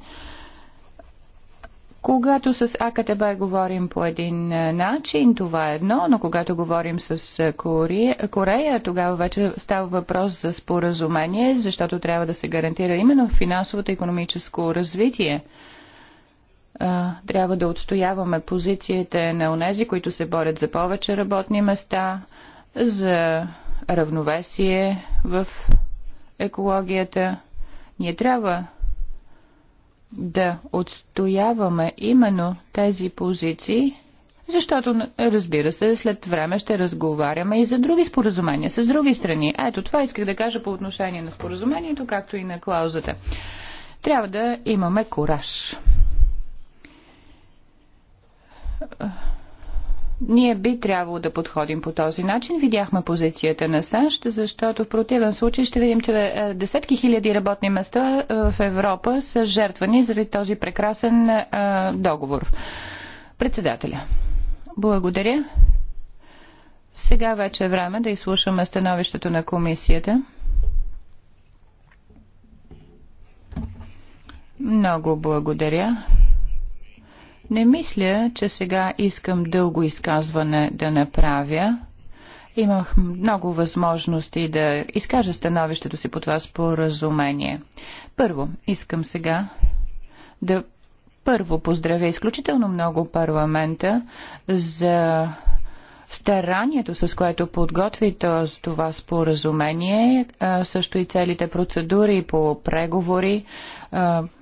Когато с АКТБ говорим по един е, начин, това е едно, но когато говорим с е, Корея, Корея, тогава вече става въпрос за споразумение, защото трябва да се гарантира именно финансовото и економическо развитие. Трябва да отстояваме позициите на онези, които се борят за повече работни места, за равновесие в екологията. Ние трябва да отстояваме именно тези позиции, защото, разбира се, след време ще разговаряме и за други споразумения с други страни. Ето това исках да кажа по отношение на споразумението, както и на клаузата. Трябва да имаме кораж ние би трябвало да подходим по този начин. Видяхме позицията на САЩ, защото в противен случай ще видим, че е, е, десетки хиляди работни места е, в Европа са жертвани заради този прекрасен договор. Председателя. Благодаря. Сега вече е време да изслушаме становището на комисията. Много благодаря. Не мисля, че сега искам дълго изказване да направя. Имах много възможности да изкажа становището си по това споразумение. Първо, искам сега да първо поздравя изключително много парламента за старанието, с което подготви това споразумение, също и целите процедури по преговори,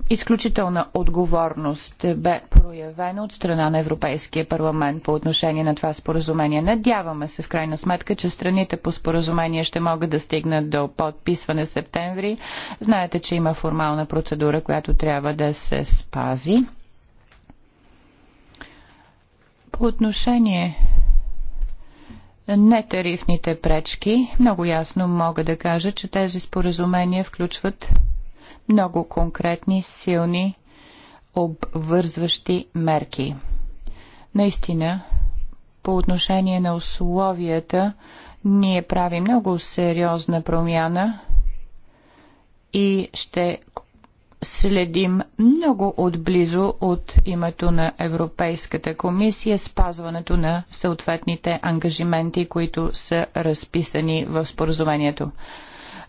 изключителна отговорност бе проявена от страна на Европейския парламент по отношение на това споразумение. Надяваме се в крайна сметка, че страните по споразумение ще могат да стигнат до подписване септември. Знаете, че има формална процедура, която трябва да се спази. По отношение нетарифните пречки, много ясно мога да кажа, че тези споразумения включват много конкретни, силни, обвързващи мерки. Наистина, по отношение на условията, ние правим много сериозна промяна и ще следим много отблизо от името на Европейската комисия спазването на съответните ангажименти, които са разписани в споразумението.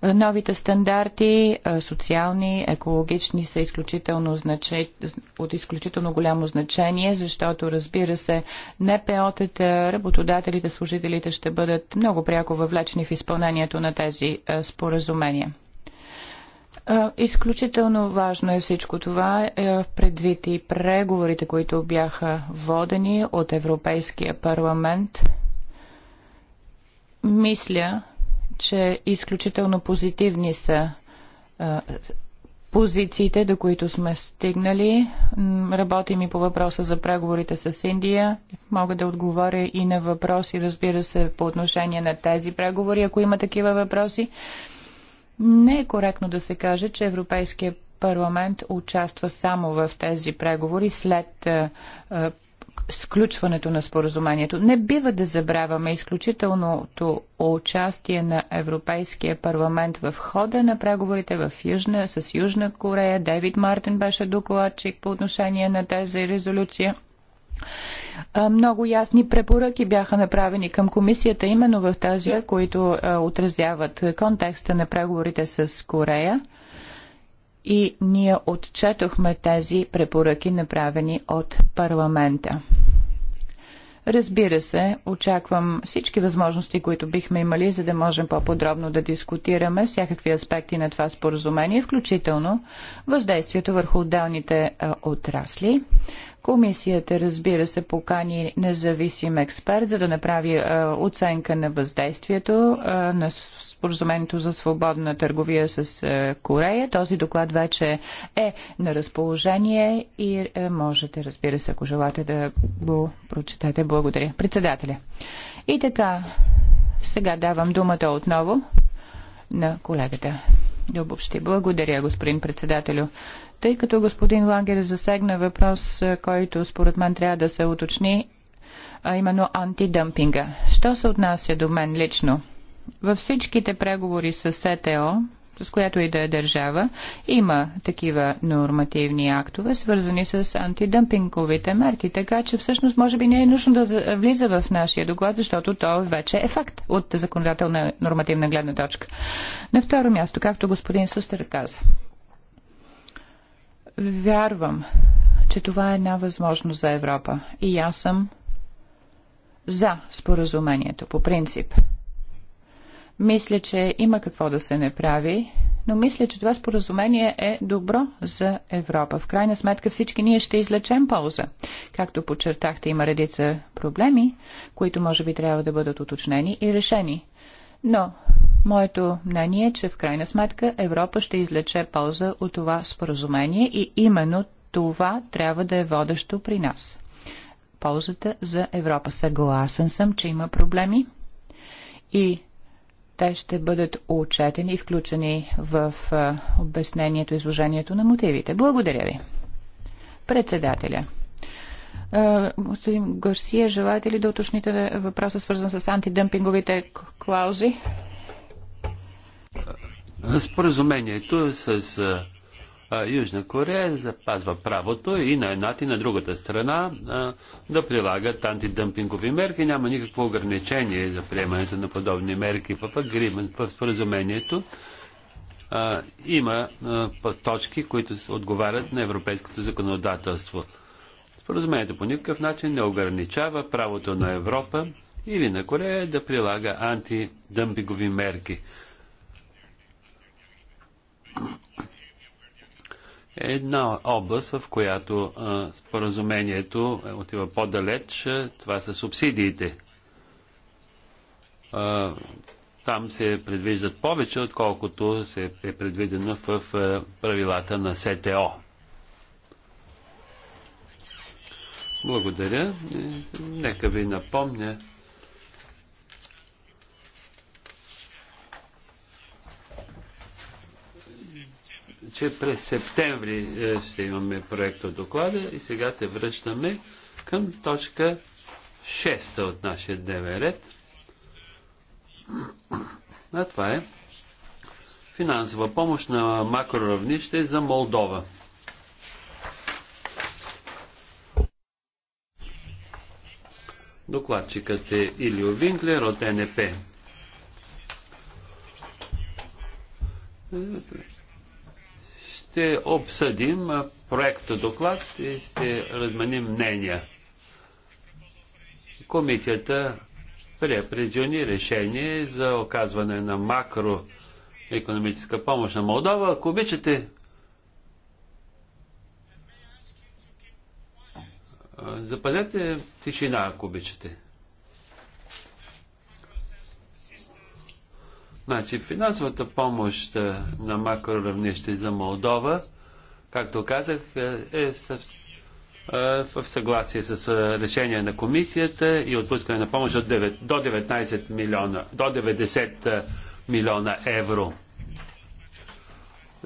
Новите стандарти, социални, екологични, са изключително значи... от изключително голямо значение, защото, разбира се, НПО-тата, работодателите, служителите ще бъдат много пряко въвлечени в изпълнението на тези споразумения. Изключително важно е всичко това е, предвид и преговорите, които бяха водени от Европейския парламент. Мисля, че изключително позитивни са позициите, до които сме стигнали. Работим и по въпроса за преговорите с Индия. Мога да отговоря и на въпроси, разбира се, по отношение на тези преговори, ако има такива въпроси. Не е коректно да се каже, че Европейския парламент участва само в тези преговори след е, е, сключването на споразумението. Не бива да забравяме изключителното участие на Европейския парламент в хода на преговорите в Южна, с Южна Корея. Дейвид Мартин беше докладчик по отношение на тази резолюция – много ясни препоръки бяха направени към комисията, именно в тази, които отразяват контекста на преговорите с Корея. И ние отчетохме тези препоръки, направени от парламента. Разбира се, очаквам всички възможности, които бихме имали, за да можем по-подробно да дискутираме всякакви аспекти на това споразумение, включително въздействието върху отделните отрасли. Комисията, разбира се, покани независим експерт, за да направи оценка на въздействието на споразумението за свободна търговия с Корея. Този доклад вече е на разположение и можете, разбира се, ако желате да го прочетете. Благодаря. Председателя. И така, сега давам думата отново на колегата. да благодаря, господин председателю. Тъй като господин Лагер засегна въпрос, който според мен трябва да се уточни, а именно антидъмпинга. Що се отнася до мен лично? Във всичките преговори с СТО, с която и да е държава, има такива нормативни актове, свързани с антидъмпинговите мерки. Така че всъщност може би не е нужно да влиза в нашия доклад, защото то вече е факт от законодателна нормативна гледна точка. На второ място, както господин Сустер каза, Вярвам, че това е една възможност за Европа. И аз съм за споразумението, по принцип. Мисля, че има какво да се направи, но мисля, че това споразумение е добро за Европа. В крайна сметка всички ние ще излечем полза. Както подчертахте, има редица проблеми, които може би трябва да бъдат уточнени и решени. Но Моето мнение е, че в крайна сметка Европа ще излече полза от това споразумение и именно това трябва да е водещо при нас. Ползата за Европа. Съгласен съм, че има проблеми и те ще бъдат отчетени и включени в обяснението, и изложението на мотивите. Благодаря ви. Председателя. Господин Гарсия, желаете ли да уточните въпроса, свързан с антидъмпинговите клаузи?
Споразумението с Южна Корея запазва правото и на едната и на другата страна да прилагат антидъмпингови мерки. Няма никакво ограничение за приемането на подобни мерки в, в споразумението. Има точки, които отговарят на европейското законодателство. Споразумението по никакъв начин не ограничава правото на Европа или на Корея да прилага антидъмпингови мерки е една област, в която а, споразумението е отива по-далеч. Това са субсидиите. А, там се предвиждат повече, отколкото се е предвидено в правилата на СТО. Благодаря. Нека ви напомня, че през септември е, ще имаме проект от доклада и сега се връщаме към точка 6 от нашия дневен ред. А това е финансова помощ на макроравнище за Молдова. Докладчикът е Илио Винклер от НП ще обсъдим проекта доклад и ще разменим мнения. Комисията прие през решение за оказване на макроекономическа помощ на Молдова. Ако обичате, запазете тишина, ако обичате. Значи финансовата помощ на макроравнище за Молдова, както казах, е в, в съгласие с решение на комисията и отпускане на помощ от 9, до 19 милиона, до 90 милиона евро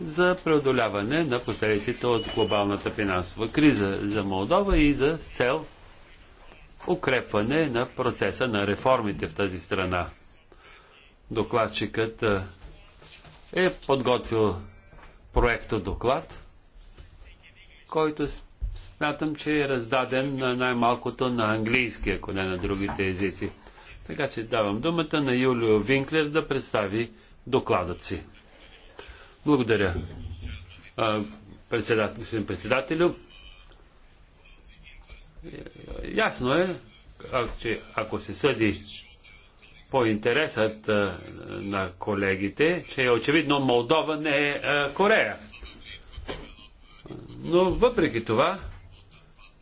за преодоляване на последиците от глобалната финансова криза за Молдова и за цел укрепване на процеса на реформите в тази страна. Докладчикът е подготвил проекта доклад, който смятам, че е раздаден на най-малкото на английски, ако не на другите езици. Така че давам думата на Юлио Винклер да представи докладът си. Благодаря, председател, господин председателю. Е, ясно е, ако се съди по интересът на колегите, че очевидно Молдова не е Корея. Но въпреки това,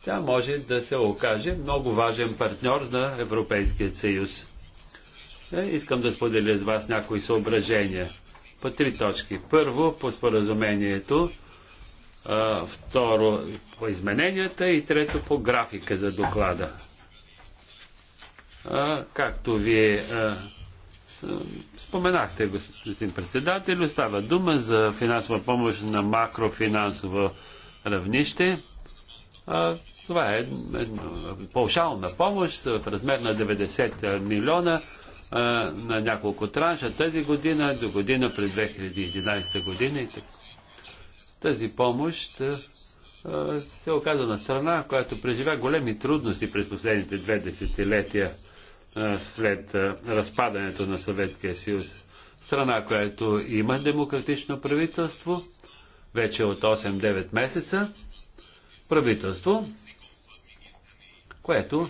тя може да се окаже много важен партньор на Европейския съюз. Е, искам да споделя с вас някои съображения по три точки. Първо, по споразумението, второ, по измененията и трето, по графика за доклада както вие споменахте, господин председател, става дума за финансова помощ на макрофинансово равнище. Това е паушална помощ в размер на 90 милиона на няколко транша тази година, до година през 2011 година и така. Тази помощ се оказа на страна, която преживя големи трудности през последните две десетилетия след разпадането на Съветския съюз. Страна, която има демократично правителство, вече от 8-9 месеца, правителство, което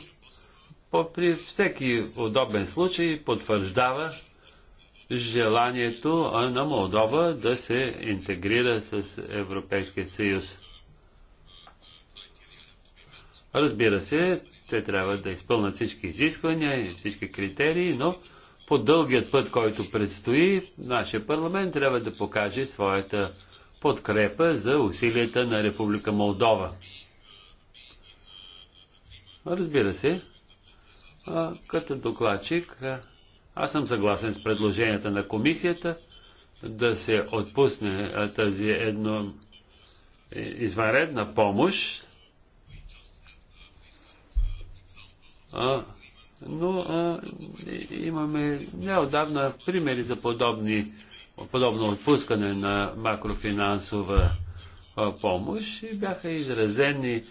при всеки удобен случай потвърждава желанието на Молдова да се интегрира с Европейския съюз. Разбира се, те трябва да изпълнат всички изисквания и всички критерии, но по дългият път, който предстои, нашия парламент трябва да покаже своята подкрепа за усилията на Република Молдова. Разбира се, като докладчик, аз съм съгласен с предложенията на комисията да се отпусне тази едно е, извънредна помощ А, но а, имаме неодавна примери за подобни, подобно отпускане на макрофинансова а, помощ и бяха изразени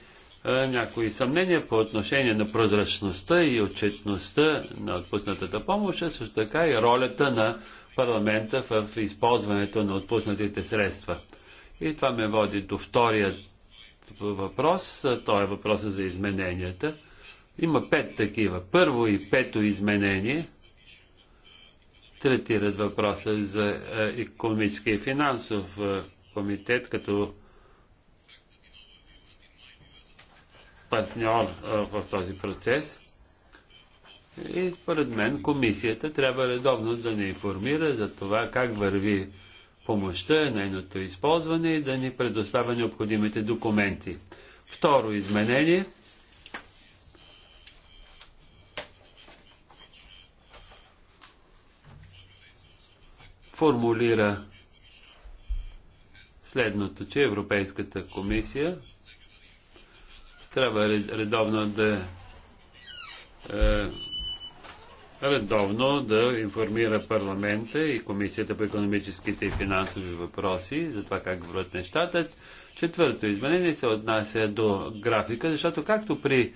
а, някои съмнения по отношение на прозрачността и отчетността на отпуснатата помощ, а също така и ролята на парламента в използването на отпуснатите средства. И това ме води до втория въпрос, той е въпроса за измененията – има пет такива. Първо и пето изменение третират въпроса за е, економически и финансов е, комитет като партньор е, в този процес. И според мен комисията трябва редовно да ни информира за това как върви помощта, нейното използване и да ни предоставя необходимите документи. Второ изменение – формулира следното, че Европейската комисия трябва редовно да е, редовно да информира парламента и Комисията по економическите и финансови въпроси за това как върват нещата. Четвърто изменение се отнася до графика, защото както при е,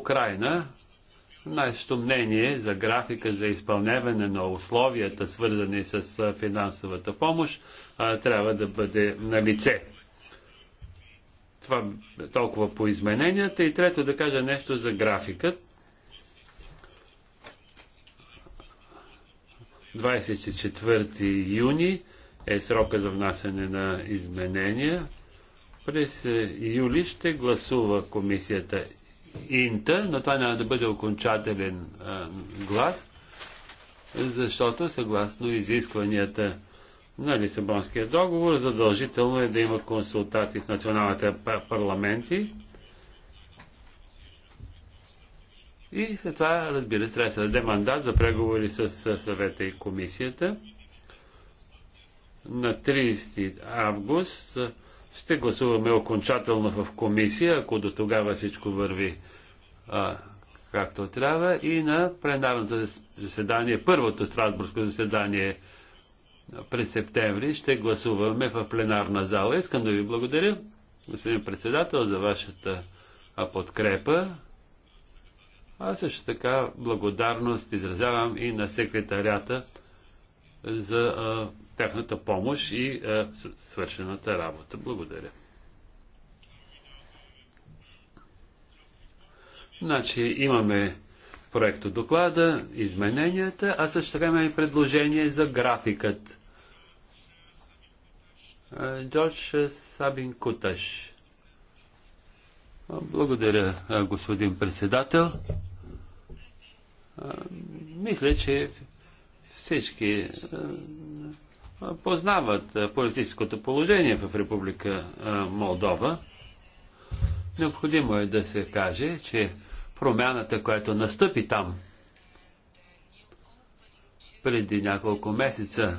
Украина, нашето мнение е за графика за изпълняване на условията, свързани с финансовата помощ, трябва да бъде на лице. Това е толкова по измененията. И трето да кажа нещо за графикът. 24 юни е срока за внасяне на изменения. През юли ще гласува комисията Инта, но това няма да бъде окончателен а, глас, защото съгласно изискванията на Лисабонския договор задължително е да има консултации с националните парламенти. И след това, разбира се, трябва да се даде мандат за преговори с съвета и комисията. На 30 август ще гласуваме окончателно в комисия, ако до тогава всичко върви а, както трябва и на пленарното заседание, първото Страсбургско заседание през септември ще гласуваме в пленарна зала. Искам да ви благодаря, господин председател, за вашата подкрепа. А също така благодарност изразявам и на секретарята за а, тяхната помощ и а, свършената работа. Благодаря. Значи имаме проекто доклада, измененията, а също така имаме и предложение за графикът. Джордж Сабин Куташ. Благодаря, господин председател. Мисля, че всички познават политическото положение в Република Молдова. Необходимо е да се каже, че промяната, която настъпи там преди няколко месеца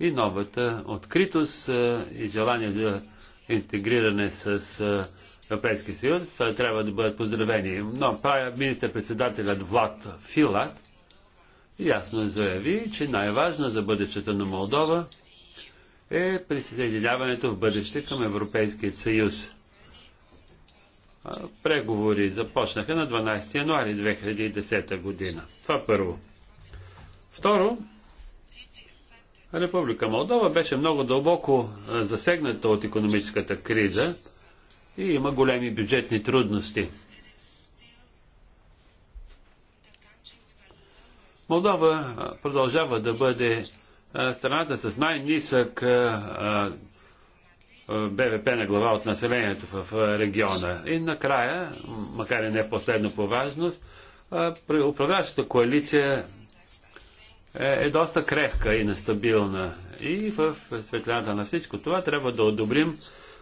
и новата откритост и желание за интегриране с Европейския съюз трябва да бъдат поздравени. Но правя министър-председателят Влад Филат ясно заяви, че най-важно за бъдещето на Молдова е присъединяването в бъдеще към Европейския съюз преговори започнаха на 12 януари 2010 година. Това първо. Второ, Република Молдова беше много дълбоко засегната от економическата криза и има големи бюджетни трудности. Молдова продължава да бъде страната с най-нисък е, БВП на глава от населението в е, региона. И накрая, макар и не последно по важност, е, управляващата коалиция е, доста крехка и нестабилна. И в светлината на всичко това трябва да одобрим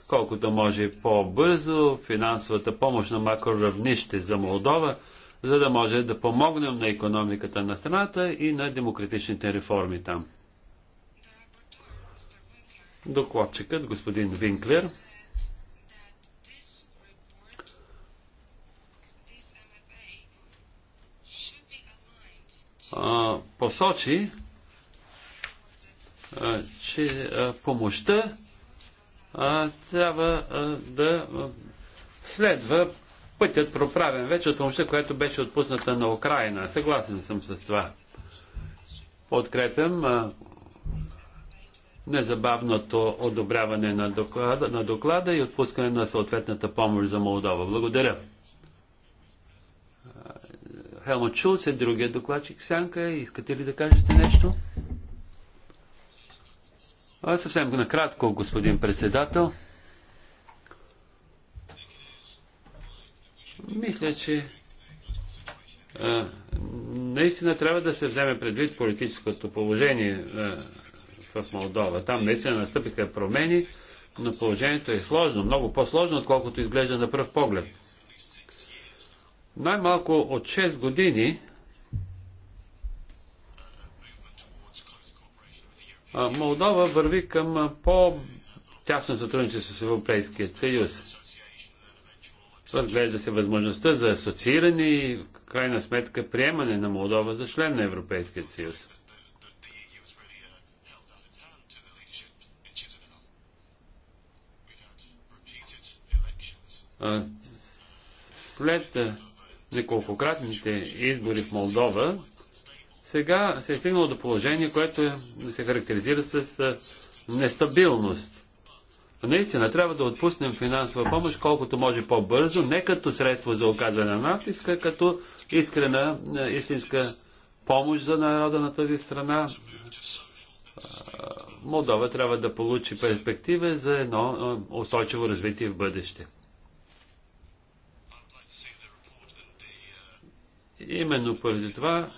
колкото може по-бързо финансовата помощ на макроравнище за Молдова, за да може да помогнем на економиката на страната и на демократичните реформи там. Докладчикът, господин Винклер, посочи, че помощта трябва да следва пътят проправен вече от помощта, която беше отпусната на Украина. Съгласен съм с това. Подкрепям незабавното одобряване на доклада, на доклада и отпускане на съответната помощ за Молдова. Благодаря. Хелмут Шулц е другия докладчик. Сянка, искате ли да кажете нещо? А, съвсем накратко, господин председател. Мисля, че а, наистина трябва да се вземе предвид политическото положение. А, в Молдова. Там наистина настъпиха промени, но положението е сложно, много по-сложно, отколкото изглежда на пръв поглед. Най-малко от 6 години Молдова върви към по-тясно сътрудничество с Европейския съюз. Разглежда се възможността за асоцииране и в крайна сметка приемане на Молдова за член на Европейския съюз. След неколкократните избори в Молдова, сега се е стигнало до положение, което е, се характеризира с нестабилност. Наистина трябва да отпуснем финансова помощ колкото може по-бързо, не като средство за оказване на натиска, като искрена, истинска помощ за народа на тази страна. Молдова трябва да получи перспектива за едно устойчиво развитие в бъдеще. Именно поради това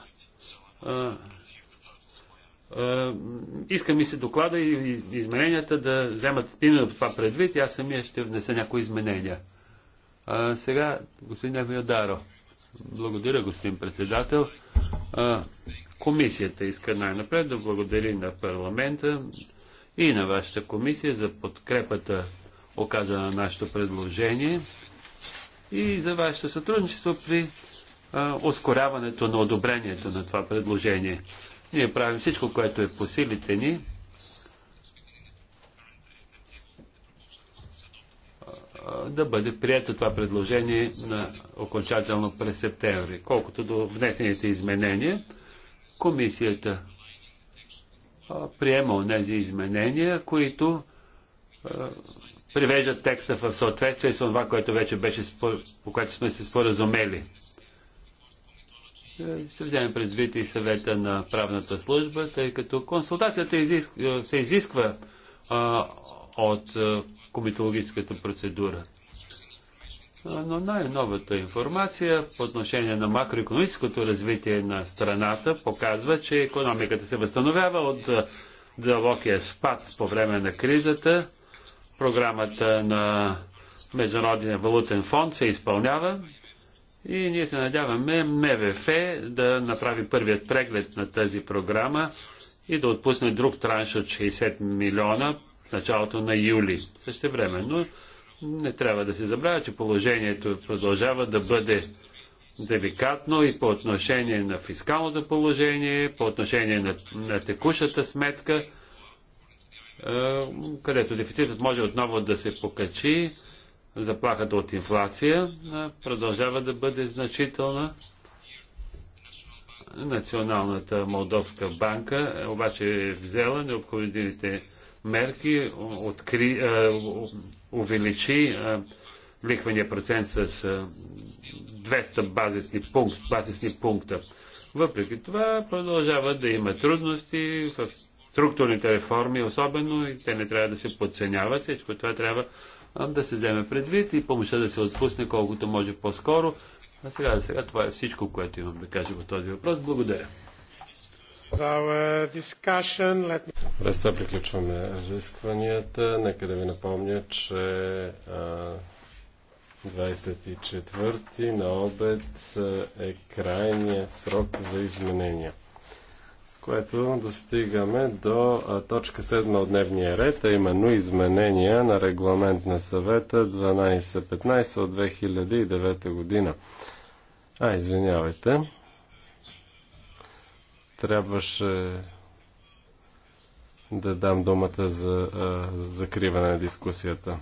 а, а, иска ми се доклада и измененията да вземат именно това предвид и аз самия ще внеса някои изменения. А, сега, господин Евиодаро. Благодаря, господин председател. А, комисията иска най-напред да благодари на парламента и на вашата комисия за подкрепата оказана на нашето предложение и за вашето сътрудничество при а, ускоряването на одобрението на това предложение. Ние правим всичко, което е по силите ни. да бъде прието това предложение на окончателно през септември. Колкото до внесените изменения, комисията приема тези изменения, които привеждат текста в съответствие с това, което вече беше, по което сме се споразумели ще вземем предвид и съвета на правната служба, тъй като консултацията се изисква а, от комитологическата процедура. Но най-новата информация по отношение на макроекономическото развитие на страната показва, че економиката се възстановява от дълбокия спад по време на кризата. Програмата на Международния валутен фонд се изпълнява и ние се надяваме МВФ да направи първият преглед на тази програма и да отпусне друг транш от 60 милиона в началото на юли. Също време, но не трябва да се забравя, че положението продължава да бъде деликатно и по отношение на фискалното положение, по отношение на, на текущата сметка, е, където дефицитът може отново да се покачи заплахата от инфлация продължава да бъде значителна. Националната Молдовска банка е, обаче е взела необходимите мерки, откри, а, е, увеличи а, е, лихвения процент с а, 200 базисни, пункт, базисни пункта. Въпреки това продължава да има трудности в структурните реформи, особено и те не трябва да се подценяват. Всичко това трябва да се вземе предвид и помощта да се отпусне колкото може по-скоро. А сега за сега това е всичко, което имам да кажа по този въпрос. Благодаря. През е, това
приключваме разискванията. Нека да ви напомня, че 24 на обед е крайния срок за изменения което достигаме до точка 7 от дневния ред, а именно изменения на регламент на съвета 1215 от 2009 година. А, извинявайте. Трябваше да дам думата за, за закриване на дискусията.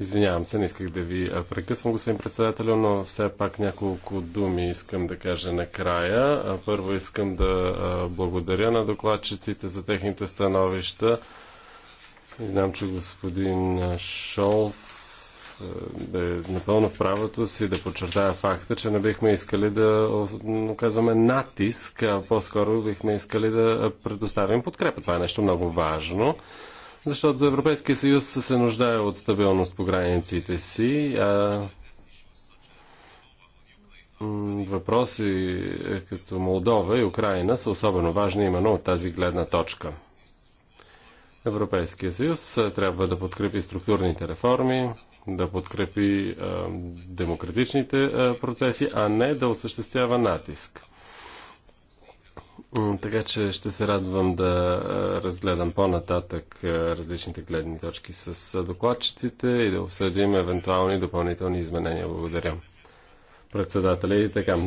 Извинявам се, не исках да ви прекъсвам, господин председател, но все пак няколко думи искам да кажа накрая. Първо искам да благодаря на докладчиците за техните становища. Знам, че господин Шолф да е напълно в правото си да подчертая факта, че не бихме искали да оказваме натиск, а по-скоро бихме искали да предоставим подкрепа. Това е нещо много важно защото Европейския съюз се нуждае от стабилност по границите си. А въпроси е, като Молдова и Украина са особено важни именно от тази гледна точка. Европейския съюз трябва да подкрепи структурните реформи, да подкрепи а, демократичните а, процеси, а не да осъществява натиск. Така че ще се радвам да разгледам по-нататък различните гледни точки с докладчиците и да обсъдим евентуални допълнителни изменения. Благодаря. Председателя и така.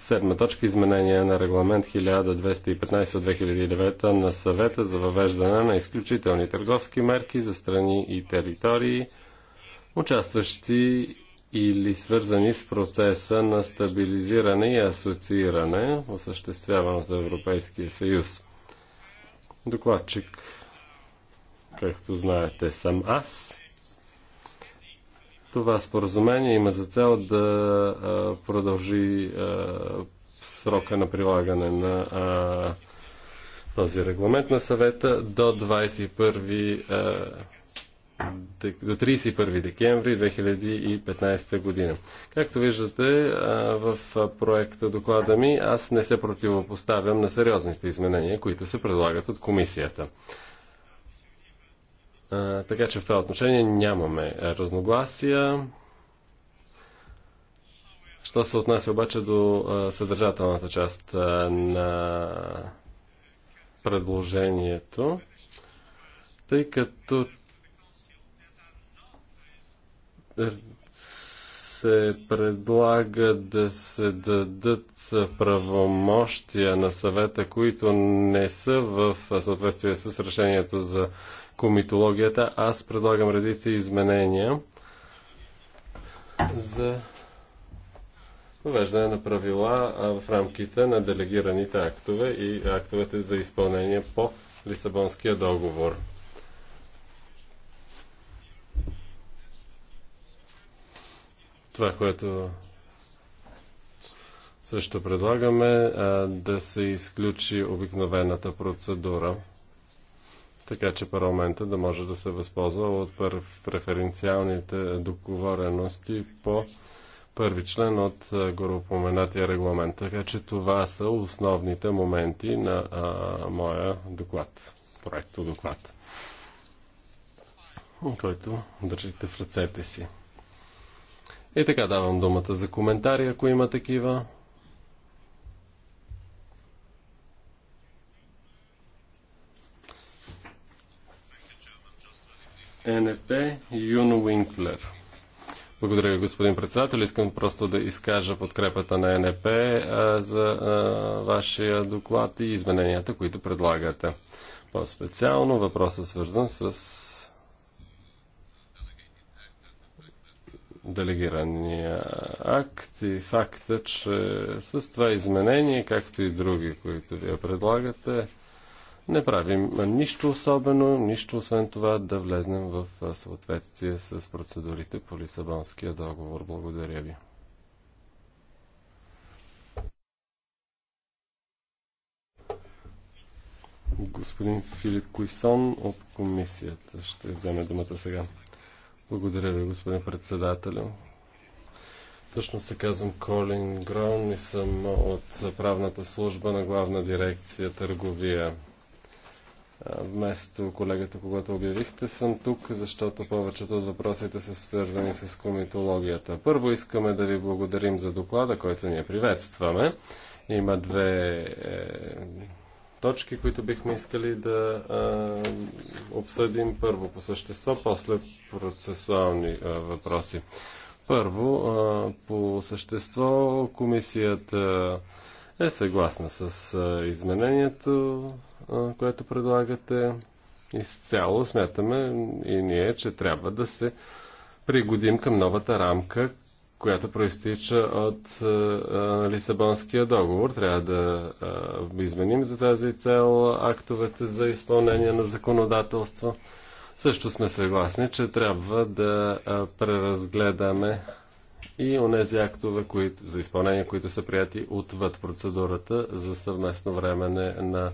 Седма точка изменение на регламент 1215 от 2009 на съвета за въвеждане на изключителни търговски мерки за страни и територии, участващи или свързани с процеса на стабилизиране и асоцииране, осъществяван от Европейския съюз. Докладчик, както знаете, съм аз. Това споразумение има за цел да продължи срока на прилагане на този регламент на съвета до 21 до 31 декември 2015 година. Както виждате в проекта доклада ми, аз не се противопоставям на сериозните изменения, които се предлагат от комисията. Така че в това отношение нямаме разногласия. Що се отнася обаче до съдържателната част на предложението, тъй като се предлага да се дадат правомощия на съвета, които не са в съответствие с решението за комитологията. Аз предлагам редица изменения за въвеждане на правила в рамките на делегираните актове и актовете за изпълнение по Лисабонския договор. Това, което също предлагаме, да се изключи обикновената процедура, така че парламента да може да се възползва от преференциалните договорености по първи член от горопоменатия регламент. Така че това са основните моменти на а, моя доклад, проекто доклад, който държите в ръцете си. И така давам думата за коментари, ако има такива. НП Юн Уинклер. Благодаря ви, господин председател. Искам просто да изкажа подкрепата на НП а, за а, вашия доклад и измененията, които предлагате. По-специално въпросът свързан с делегирания акт и факта, че с това изменение, както и други, които вие предлагате, не правим нищо особено, нищо освен това да влезнем в съответствие с процедурите по Лисабонския договор. Благодаря ви. Господин Филип Куисон от комисията ще вземе думата сега. Благодаря ви, господин председател. Всъщност се казвам Колин Грон и съм от правната служба на главна дирекция търговия. Вместо колегата, когато обявихте, съм тук, защото повечето от въпросите са свързани с комитологията. Първо искаме да ви благодарим за доклада, който ние приветстваме. Има две е, точки, които бихме искали да а, обсъдим първо по същество, после процесуални а, въпроси. Първо, а, по същество комисията е съгласна с а, изменението, а, което предлагате. Изцяло смятаме и ние, че трябва да се пригодим към новата рамка, която проистича от е, е, а, Лисабонския договор. Трябва да а, е, изменим за тази цел актовете за изпълнение на законодателство. Също сме съгласни, че трябва да а, преразгледаме и онези актове които, за изпълнение, които са прияти отвъд процедурата за съвместно времене на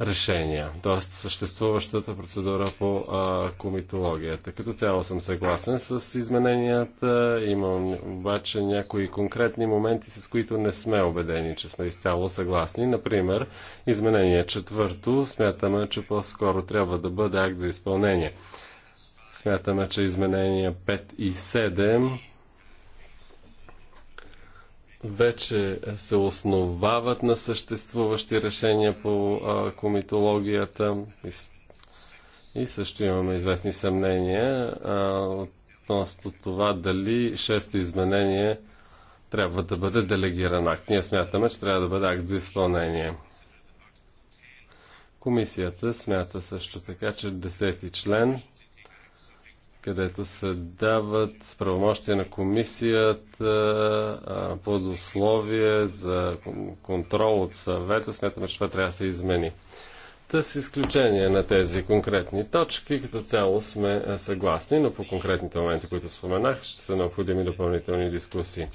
решения. Тоест съществуващата процедура по а, комитологията. Като цяло съм съгласен с измененията. Имам обаче някои конкретни моменти, с които не сме убедени, че сме изцяло съгласни. Например, изменение четвърто смятаме, че по-скоро трябва да бъде акт за изпълнение. Смятаме, че изменения 5 и 7 вече се основават на съществуващи решения по а, комитологията и, и също имаме известни съмнения а, относно това дали шесто изменение трябва да бъде делегиран акт. Ние смятаме, че трябва да бъде акт за изпълнение. Комисията смята също така, че 10 член където се дават правомощия на комисията под условие за контрол от съвета. Смятаме, че това трябва да се измени. Та с изключение на тези конкретни точки, като цяло сме съгласни, но по конкретните моменти, които споменах, ще са необходими допълнителни дискусии.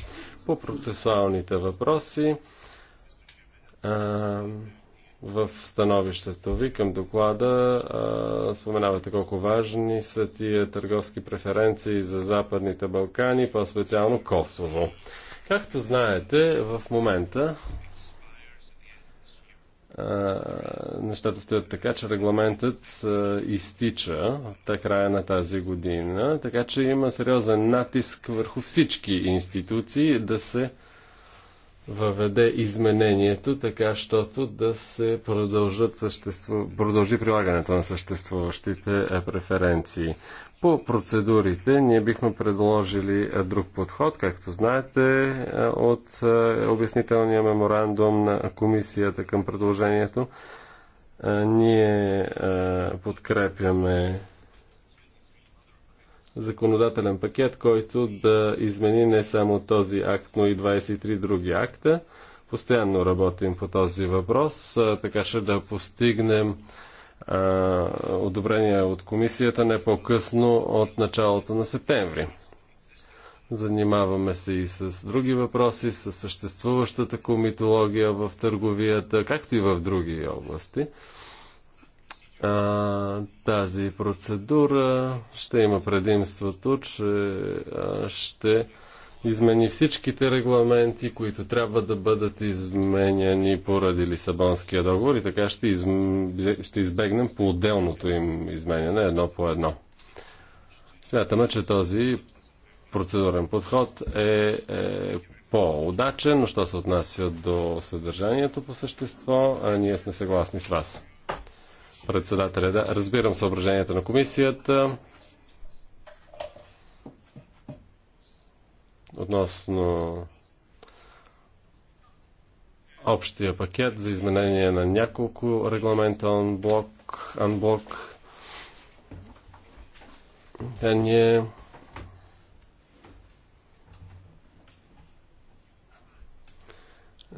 По процесуалните въпроси, в становището ви към доклада а, споменавате колко важни са тия търговски преференции за Западните Балкани, по-специално Косово. Както знаете, в момента а, нещата стоят така, че регламентът а, изтича до края на тази година, така че има сериозен натиск върху всички институции да се въведе изменението, така щото да се продължат съществу... продължи прилагането на съществуващите е, преференции. По процедурите ние бихме предложили е, друг подход, както знаете е, от обяснителния меморандум на комисията към предложението. Ние подкрепяме законодателен пакет, който да измени не само този акт, но и 23 други акта. Постоянно работим по този въпрос, така ще да постигнем а, одобрение от комисията не по-късно от началото на септември. Занимаваме се и с други въпроси, с съществуващата комитология в търговията, както и в други области а, тази процедура ще има предимството, че а, ще измени всичките регламенти, които трябва да бъдат изменяни поради Лисабонския договор и така ще, из, ще избегнем по-отделното им изменяне едно по едно. Смятаме, че този процедурен подход е, е по-удачен, но що се отнася до съдържанието по същество, а ние сме съгласни с вас. Председателя, да, разбирам съображенията на комисията. Относно общия пакет за изменение на няколко регламента анблок, анблок. Тя ни е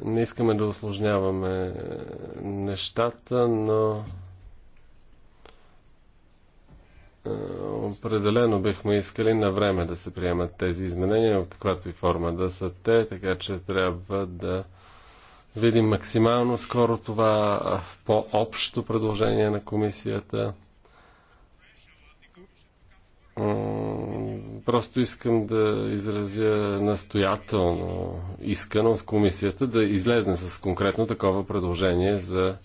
не искаме да осложняваме нещата, но Определено бихме искали на време да се приемат тези изменения, в каквато и форма да са те, така че трябва да видим максимално скоро това по-общо предложение на комисията. Просто искам да изразя настоятелно искане от комисията да излезне с конкретно такова предложение за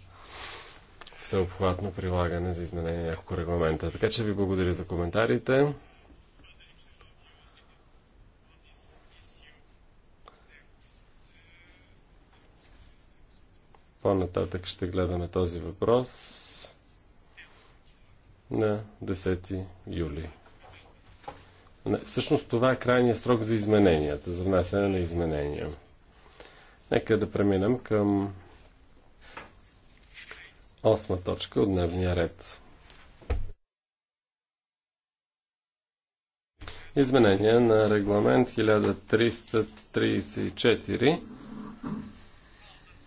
всеобхватно прилагане за изменение няколко регламента. Така че ви благодаря за коментарите. По-нататък ще гледаме този въпрос на 10 юли. Всъщност това е крайният срок за измененията, за внасяне на изменения. Нека да преминем към Осма точка от дневния ред. Изменение на регламент 1334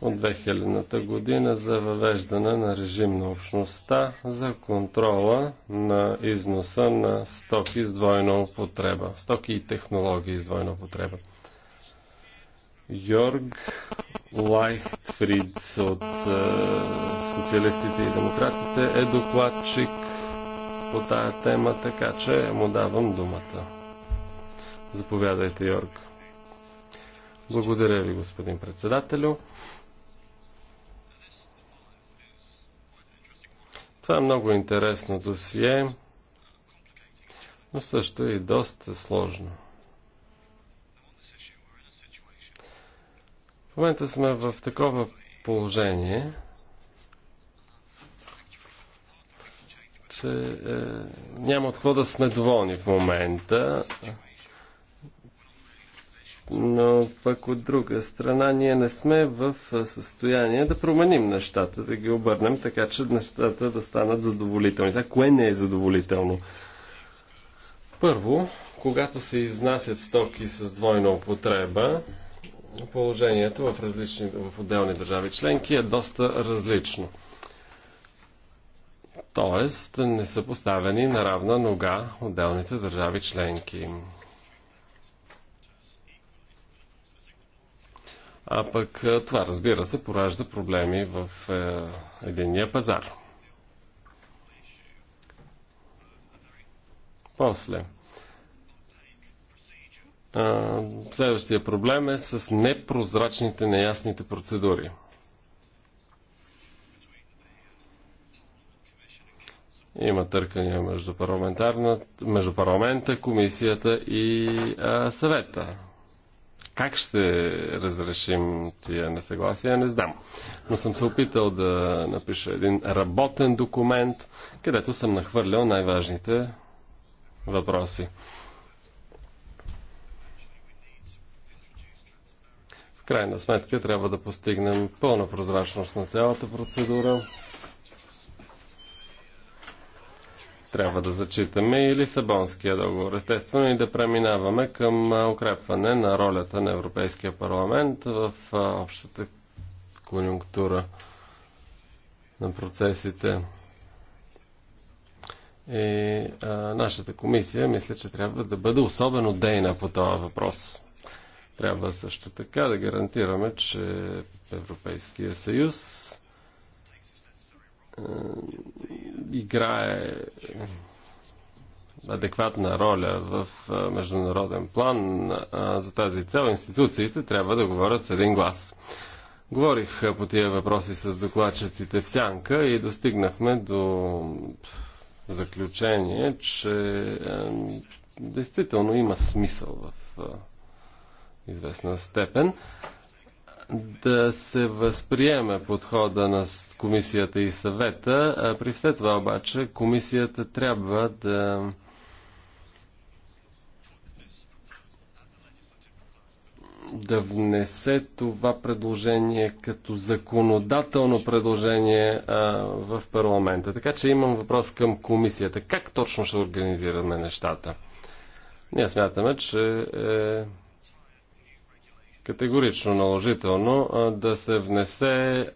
от 2000-та година за въвеждане на режим на общността за контрола на износа на стоки с двойна употреба, стоки и технологии с двойна употреба. Йорг Лайхтфрид от социалистите и демократите е докладчик по тая тема, така че му давам думата. Заповядайте, Йорг. Благодаря ви, господин председателю. Това е много интересно досие, но също е и доста сложно. В момента сме в такова положение, че е, няма от какво да сме доволни в момента. Но пък от друга страна, ние не сме в състояние да променим нещата, да ги обърнем така, че нещата да станат задоволителни. Това кое не е задоволително? Първо, когато се изнасят стоки с двойна употреба, положението в, различни, в отделни държави членки е доста различно. Тоест, не са поставени на равна нога отделните държави членки. А пък е, това, разбира се, поражда проблеми в е, единния пазар. После. Следващия проблем е с непрозрачните, неясните процедури. Има търкания между, между парламента, комисията и а, съвета. Как ще разрешим тия несъгласия, не знам. Но съм се опитал да напиша един работен документ, където съм нахвърлял най-важните въпроси. крайна сметка трябва да постигнем пълна прозрачност на цялата процедура. Трябва да зачитаме и Лисабонския договор, естествено, и да преминаваме към укрепване на ролята на Европейския парламент в общата конюнктура на процесите. И а, нашата комисия мисля, че трябва да бъде особено дейна по този въпрос. Трябва също така да гарантираме, че Европейския съюз е, играе адекватна роля в е, международен план. За тази цел институциите трябва да говорят с един глас. Говорих по тия въпроси с докладчиците в Сянка и достигнахме до заключение, че е, действително има смисъл в известна степен да се възприеме подхода на комисията и съвета. При все това обаче комисията трябва да да внесе това предложение като законодателно предложение а, в парламента. Така че имам въпрос към комисията. Как точно ще организираме нещата? Ние смятаме, че е категорично наложително да се внесе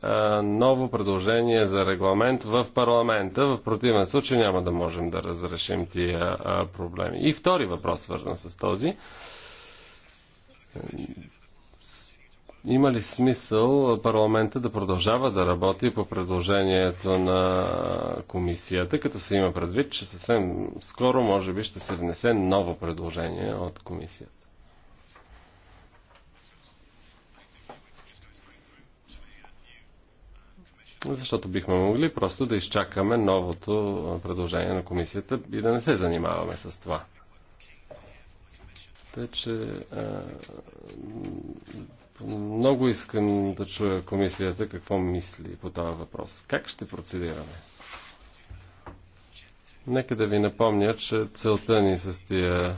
ново предложение за регламент в парламента. В противен случай няма да можем да разрешим тия проблеми. И втори въпрос, свързан с този. Има ли смисъл парламента да продължава да работи по предложението на комисията, като се има предвид, че съвсем скоро може би ще се внесе ново предложение от комисията? защото бихме могли просто да изчакаме новото предложение на комисията и да не се занимаваме с това. Тъй, че а, много искам да чуя комисията какво мисли по този въпрос. Как ще процедираме? Нека да ви напомня, че целта ни с тия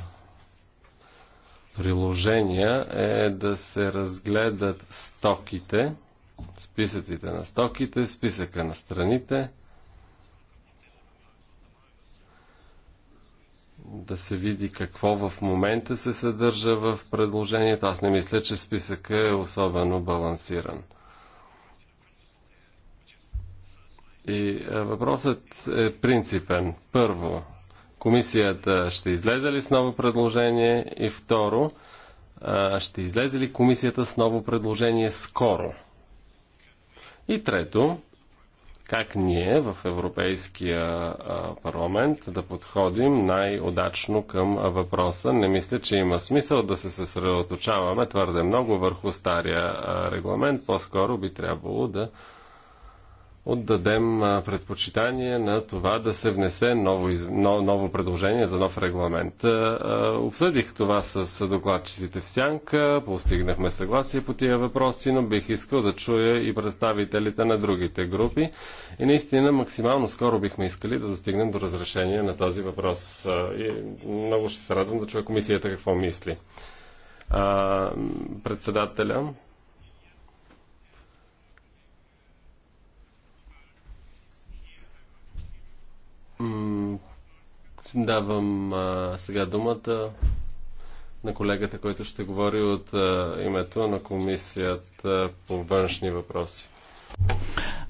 приложения е да се разгледат стоките, списъците на стоките, списъка на страните, да се види какво в момента се съдържа в предложението. Аз не мисля, че списъка е особено балансиран. И е, въпросът е принципен. Първо, комисията ще излезе ли с ново предложение? И второ, е, ще излезе ли комисията с ново предложение скоро? И трето, как ние в Европейския парламент да подходим най-удачно към въпроса. Не мисля, че има смисъл да се съсредоточаваме твърде много върху стария регламент. По-скоро би трябвало да отдадем предпочитание на това да се внесе ново, ново предложение за нов регламент. Обсъдих това с докладчиците в Сянка, постигнахме съгласие по тия въпроси, но бих искал да чуя и представителите на другите групи. И наистина максимално скоро бихме искали да достигнем до разрешение на този въпрос. И много ще се радвам да чуя комисията какво мисли. Председателя. Давам а, сега думата на колегата, който ще говори от а, името на Комисията по външни въпроси.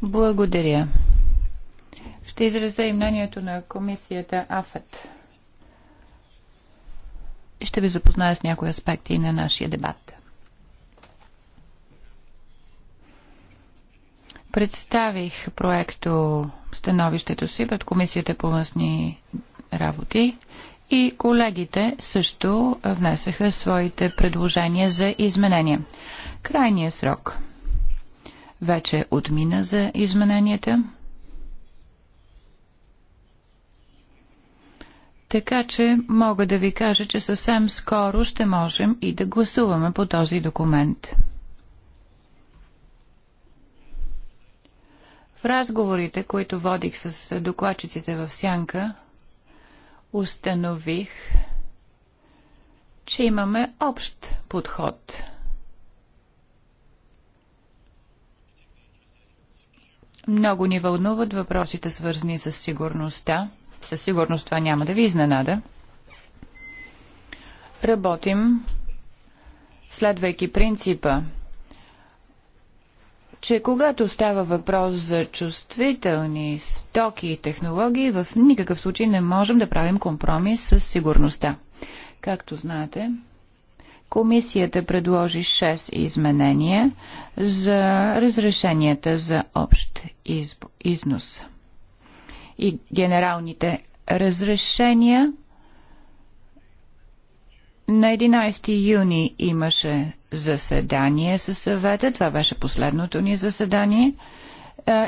Благодаря. Ще изразя и мнението на комисията АФЕТ. Ще ви запозная с някои аспекти на нашия дебат. Представих проекто становището си пред Комисията по външни работи и колегите също внесаха своите предложения за изменения. Крайният срок вече отмина за измененията. Така че мога да ви кажа, че съвсем скоро ще можем и да гласуваме по този документ. В разговорите, които водих с докладчиците в Сянка, установих, че имаме общ подход. Много ни вълнуват въпросите, свързани с сигурността. Със сигурност това няма да ви изненада. Работим следвайки принципа че когато става въпрос за чувствителни стоки и технологии, в никакъв случай не можем да правим компромис с сигурността. Както знаете, комисията предложи 6 изменения за разрешенията за общ износ. И генералните разрешения на 11 юни имаше заседание със съвета. Това беше последното ни заседание.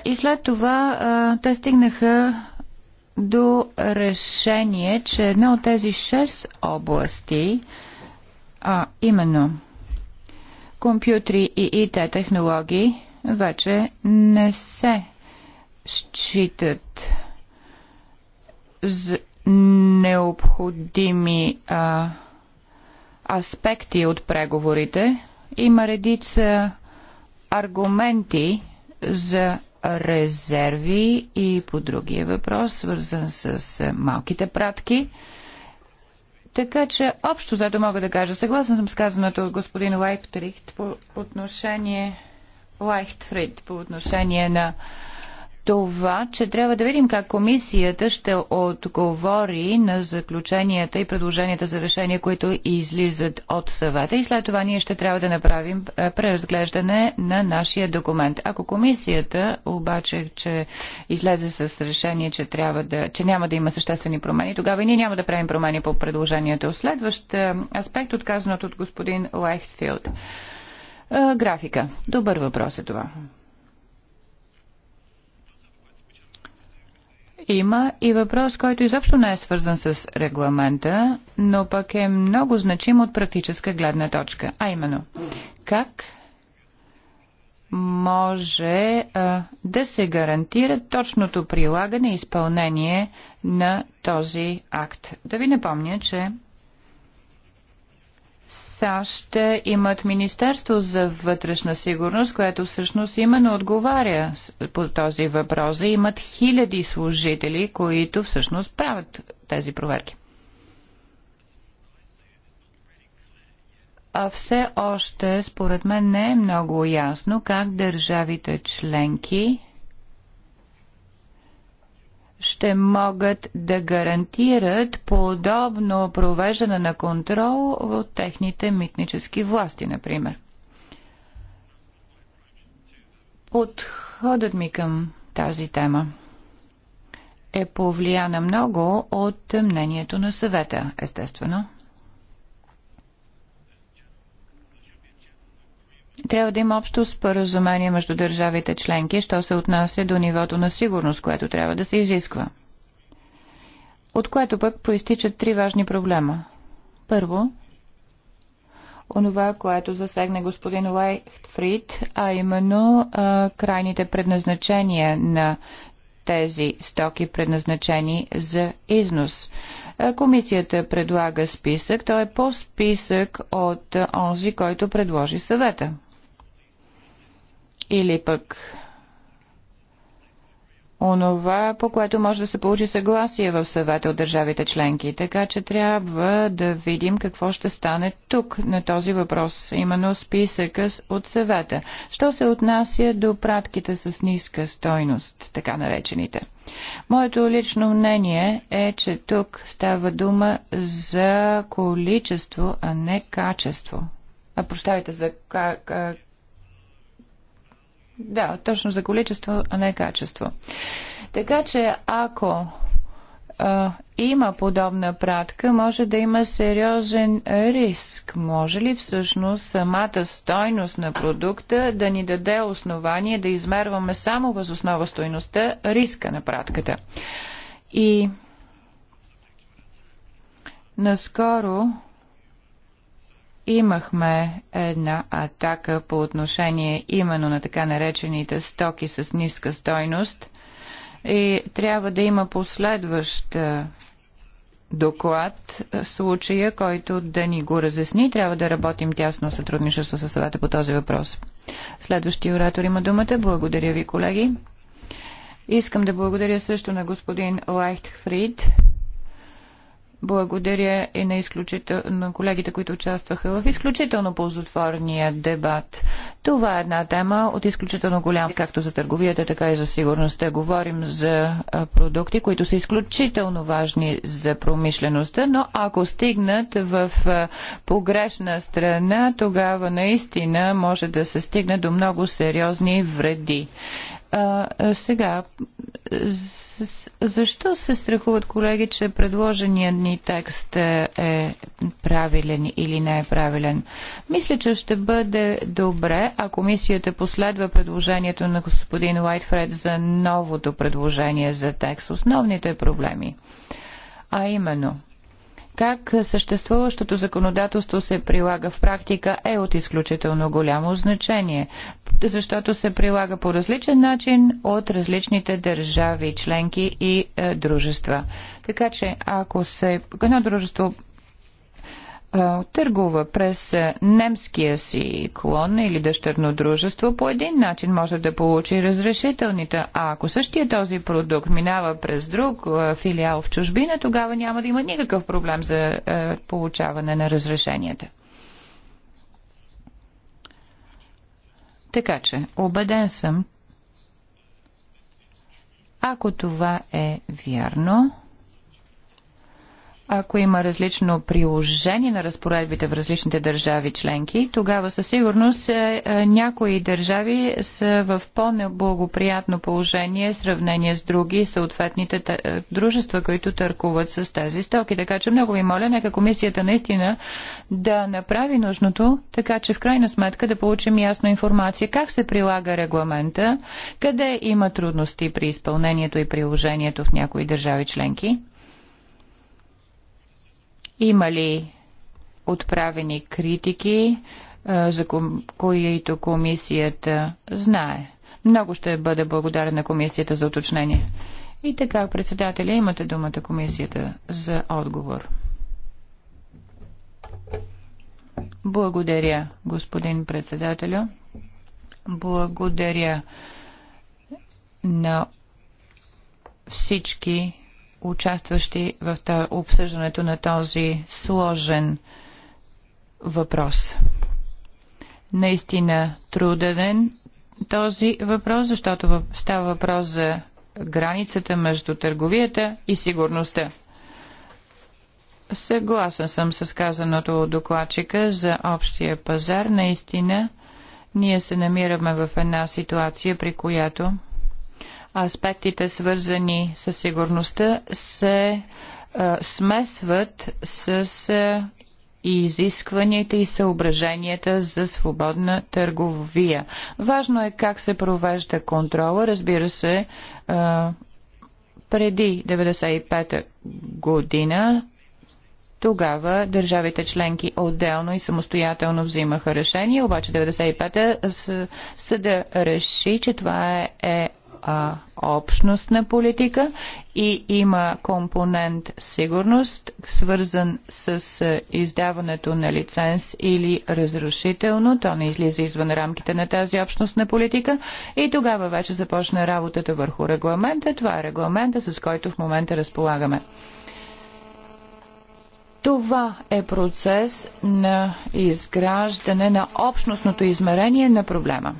И след това те стигнаха до решение, че една от тези шест области, а именно компютри и ИТ технологии, вече не се считат необходими а, аспекти от преговорите. Има редица аргументи за резерви и по другия въпрос, свързан с е, малките пратки. Така че, общо зато мога да кажа, съгласна съм с казаното от господин Лайфтрихт по отношение Лайхтфрид по отношение на това, че трябва да видим как комисията ще отговори на заключенията и предложенията за решения, които излизат от съвета и след това ние ще трябва да направим преразглеждане на нашия документ. Ако комисията обаче, че излезе с решение, че, трябва да, че няма да има съществени промени, тогава и ние няма да правим промени по предложението. Следващ аспект, отказан от господин Лехтфилд. Графика. Добър въпрос е това. Има и въпрос, който изобщо не е свързан с регламента, но пък е много значим от практическа гледна точка. А именно, как може а, да се гарантира точното прилагане и изпълнение на този акт. Да ви напомня, че САЩ имат Министерство за вътрешна сигурност, което всъщност именно отговаря по този въпрос. И имат хиляди служители, които всъщност правят тези проверки. А все още, според мен, не е много ясно как държавите членки ще могат да гарантират подобно провеждане на контрол от техните митнически власти, например. Подходът ми към тази тема е повлияна много от мнението на съвета, естествено – трябва да има общо споразумение между държавите членки, що се отнася до нивото на сигурност, което трябва да се изисква. От което пък проистичат три важни проблема. Първо, онова, което засегне господин Лейхтфрид, а именно а, крайните предназначения на тези стоки, предназначени за износ. Комисията предлага списък. Той е по-списък от онзи, който предложи съвета. Или пък онова, по което може да се получи съгласие в съвета от държавите членки. Така че трябва да видим какво ще стане тук на този въпрос, именно списъка от съвета. Що се отнася до пратките с ниска стойност, така наречените? Моето лично мнение е, че тук става дума за количество, а не качество. А, прощавайте, за да, точно за количество, а не качество. Така че ако а, има подобна пратка, може да има сериозен риск. Може ли всъщност самата стойност на продукта да ни даде основание да измерваме само възоснова стойността риска на пратката? И наскоро имахме една атака по отношение именно на така наречените стоки с ниска стойност и трябва да има последващ е, доклад е, случая, който да ни го разясни. Трябва да работим тясно в сътрудничество с съвета по този въпрос. Следващия оратор има думата. Благодаря ви, колеги. Искам да благодаря също на господин Лайхтфрид. Фрид благодаря и на, изключител... на колегите, които участваха в изключително ползотворния дебат. Това е една тема от изключително голям, както за търговията, така и за сигурността. Говорим за продукти, които са изключително важни за промишлеността, но ако стигнат в погрешна страна, тогава наистина може да се стигне до много сериозни вреди. А, сега, защо се страхуват колеги, че предложеният ни текст е, е правилен или не е правилен? Мисля, че ще бъде добре, а комисията последва предложението на господин Уайтфред за новото предложение за текст. Основните проблеми. А именно – как съществуващото законодателство се прилага в практика е от изключително голямо значение, защото се прилага по различен начин от различните държави, членки и е, дружества. Така че, ако се, едно дружество търгува през немския си клон или дъщерно дружество, по един начин може да получи разрешителните. А ако същия този продукт минава през друг филиал в чужбина, тогава няма да има никакъв проблем за получаване на разрешенията. Така че, убеден съм, ако това е вярно, ако има различно приложение на разпоредбите в различните държави членки, тогава със сигурност е, е, някои държави са в по-неблагоприятно положение в сравнение с други съответните е, дружества, които търкуват с тези стоки. Така че много ви моля, нека комисията наистина да направи нужното, така че в крайна сметка да получим ясно информация как се прилага регламента, къде има трудности при изпълнението и приложението в някои държави членки има ли отправени критики, е, за които комисията знае? Много ще бъда благодарен на комисията за уточнение. И така, председателя, имате думата комисията за отговор. Благодаря, господин председателю. Благодаря на всички участващи в обсъждането на този сложен въпрос. Наистина труден е този въпрос, защото става въпрос за границата между търговията и сигурността. Съгласен съм с казаното от докладчика за общия пазар. Наистина, ние се намираме в една ситуация, при която аспектите свързани с сигурността се а, е, смесват с а, е, изискванията и съображенията за свободна търговия. Важно е как се провежда контрола. Разбира се, а, е, преди 1995 година тогава държавите членки отделно и самостоятелно взимаха решение, обаче 95-та съда реши, че това е а, общностна политика и има компонент сигурност, свързан с а, издаването на лиценз или разрушително. То не излиза извън рамките на тази общностна политика. И тогава вече започна работата върху регламента. Това е регламента, с който в момента разполагаме. Това е процес на изграждане на общностното измерение на проблема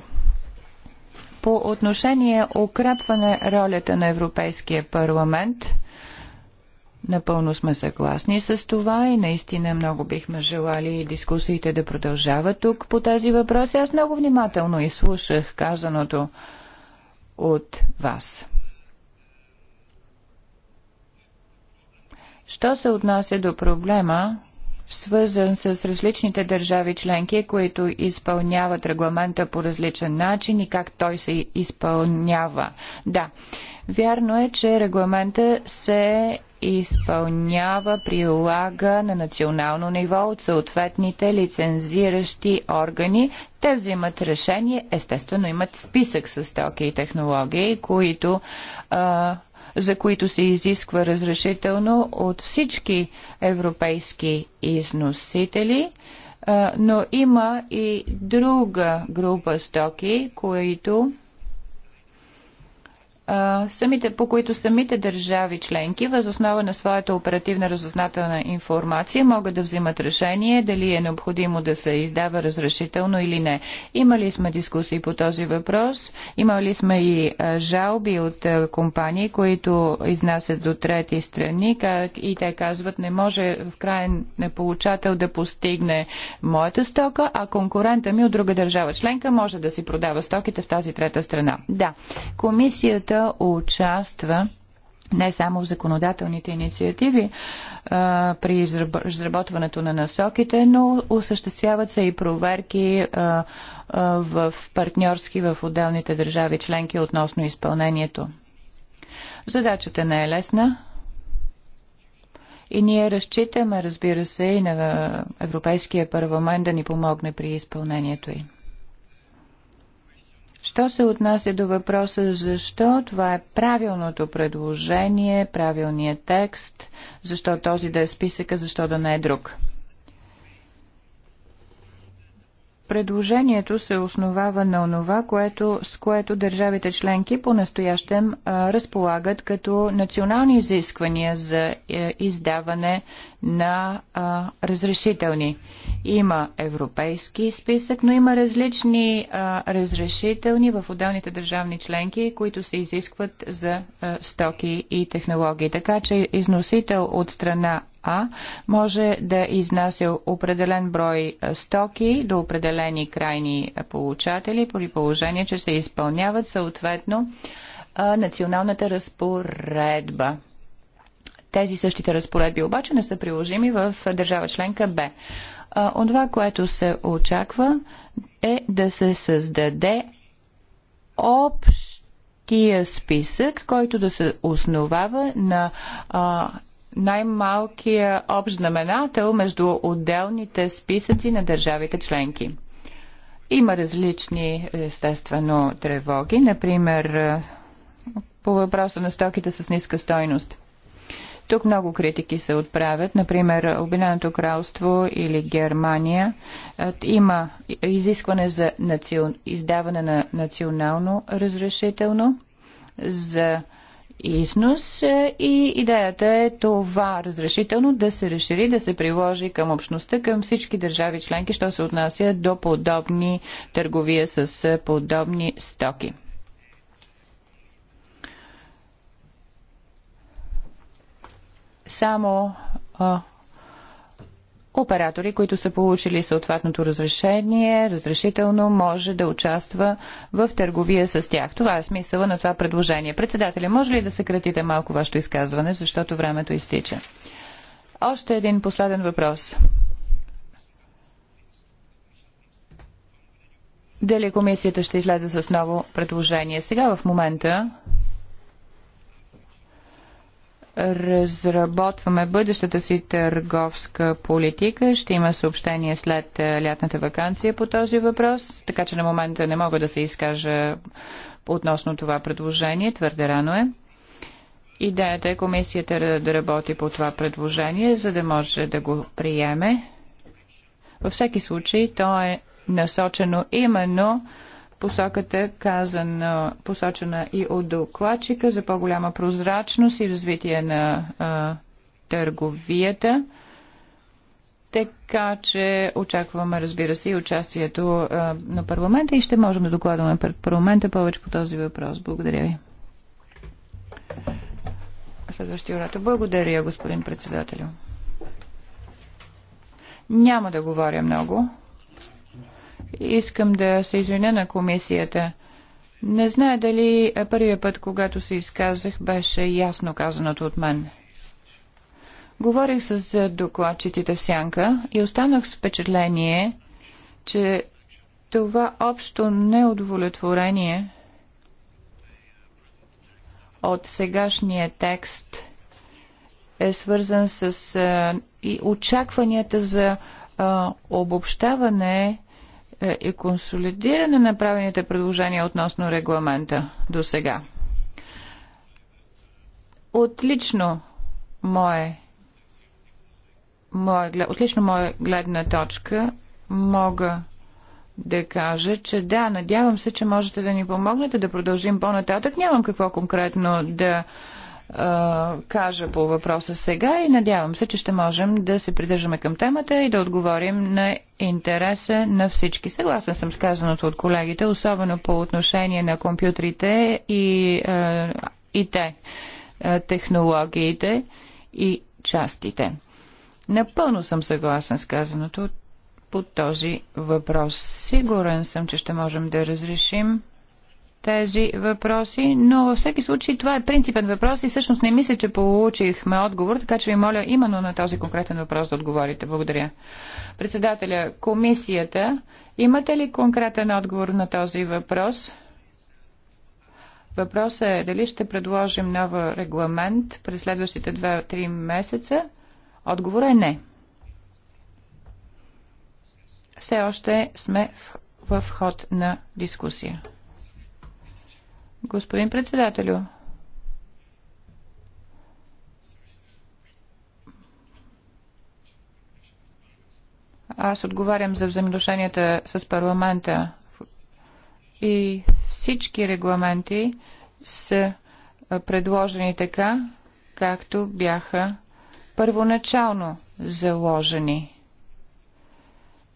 по отношение укрепване ролята на Европейския парламент. Напълно сме съгласни с това и наистина много бихме желали дискусиите да продължават тук по тези въпроси. Аз много внимателно изслушах казаното от вас. Що се отнася до проблема свързан с различните държави членки, които изпълняват регламента по различен начин и как той се изпълнява. Да, вярно е, че регламента се изпълнява, прилага на национално ниво от съответните лицензиращи органи. Те взимат решение, естествено имат списък с токи и технологии, които а, за които се изисква разрешително от всички европейски износители, но има и друга група стоки, които самите, по които самите държави членки, възоснова на своята оперативна разузнателна информация, могат да взимат решение дали е необходимо да се издава разрешително или не. Имали сме дискусии по този въпрос, имали сме и жалби от компании, които изнасят до трети страни и те казват, не може в крайен получател да постигне моята стока, а конкурента ми от друга държава членка може да си продава стоките в тази трета страна. Да, комисията да участва не само в законодателните инициативи а, при изработването на насоките, но осъществяват се и проверки а, а, в партньорски в отделните държави членки относно изпълнението. Задачата не е лесна. И ние разчитаме, разбира се, и на Европейския парламент да ни помогне при изпълнението й. Що се отнася до въпроса защо това е правилното предложение, правилният текст, защо този да е списъка, защо да не е друг? Предложението се основава на онова, което, с което държавите членки по-настоящем разполагат като национални изисквания за а, е, издаване на а, разрешителни. Има европейски списък, но има различни а, разрешителни в отделните държавни членки, които се изискват за а, стоки и технологии. Така че износител от страна а може да изнася определен брой стоки до определени крайни получатели при положение, че се изпълняват съответно националната разпоредба. Тези същите разпоредби обаче не са приложими в държава членка Б онова, което се очаква е да се създаде общия списък, който да се основава на а, най-малкия общ знаменател между отделните списъци на държавите членки. Има различни, естествено, тревоги. Например, по въпроса на стоките с ниска стойност – тук много критики се отправят. Например, Обединеното кралство или Германия има изискване за национ... издаване на национално разрешително за износ и идеята е това разрешително да се разшири, да се приложи към общността, към всички държави членки, що се отнася до подобни търговия с подобни стоки. само а, оператори, които са получили съответното разрешение, разрешително може да участва в търговия с тях. Това е смисъла на това предложение. Председателя, може ли да съкратите малко вашето изказване, защото времето изтича? Още един последен въпрос. Дали комисията ще излезе с ново предложение? Сега в момента разработваме бъдещата си търговска политика. Ще има съобщение след е, лятната вакансия по този въпрос, така че на момента не мога да се изкажа относно това предложение. Твърде рано е. Идеята е комисията да работи по това предложение, за да може да го приеме. Във всеки случай, то е насочено именно посоката, казана, посочена и от докладчика за по-голяма прозрачност и развитие на а, търговията. Така че очакваме, разбира се, и участието а, на парламента и ще можем да докладваме пред парламента повече по този въпрос. Благодаря ви. Следващия оратор. Благодаря, господин председателю. Няма да говоря много. Искам да се извиня на комисията. Не знае дали първия път, когато се изказах, беше ясно казаното от мен. Говорих с докладчиците в Сянка и останах с впечатление, че това общо неудовлетворение от сегашния текст е свързан с а, и очакванията за а, обобщаване е, и консолидиране на правените предложения относно регламента до сега. Отлично мое, мое, отлично моя гледна точка мога да кажа, че да, надявам се, че можете да ни помогнете да продължим по-нататък. Нямам какво конкретно да кажа по въпроса сега и надявам се, че ще можем да се придържаме към темата и да отговорим на интереса на всички. Съгласен съм с казаното от колегите, особено по отношение на компютрите и, и те, технологиите и частите. Напълно съм съгласен с казаното по този въпрос. Сигурен съм, че ще можем да разрешим тези въпроси, но във всеки случай това е принципен въпрос и всъщност не мисля, че получихме отговор, така че ви моля именно на този конкретен въпрос да отговорите. Благодаря. Председателя, комисията, имате ли конкретен отговор на този въпрос? Въпросът е дали ще предложим нов регламент през следващите 2-3 месеца. Отговорът е не. Все още сме в, в ход на дискусия. Господин председателю, аз отговарям за взаимодушенията с парламента и всички регламенти са предложени така, както бяха първоначално заложени.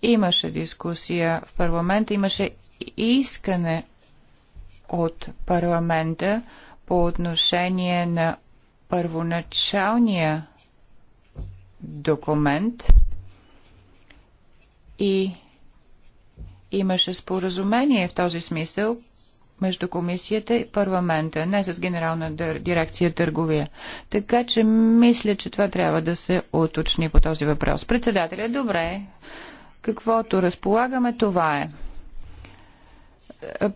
Имаше дискусия в парламента, имаше искане от парламента по отношение на първоначалния документ и имаше споразумение в този смисъл между комисията и парламента, не с генерална дирекция търговия. Така че мисля, че това трябва да се уточни по този въпрос. Председателя, добре, каквото разполагаме, това е.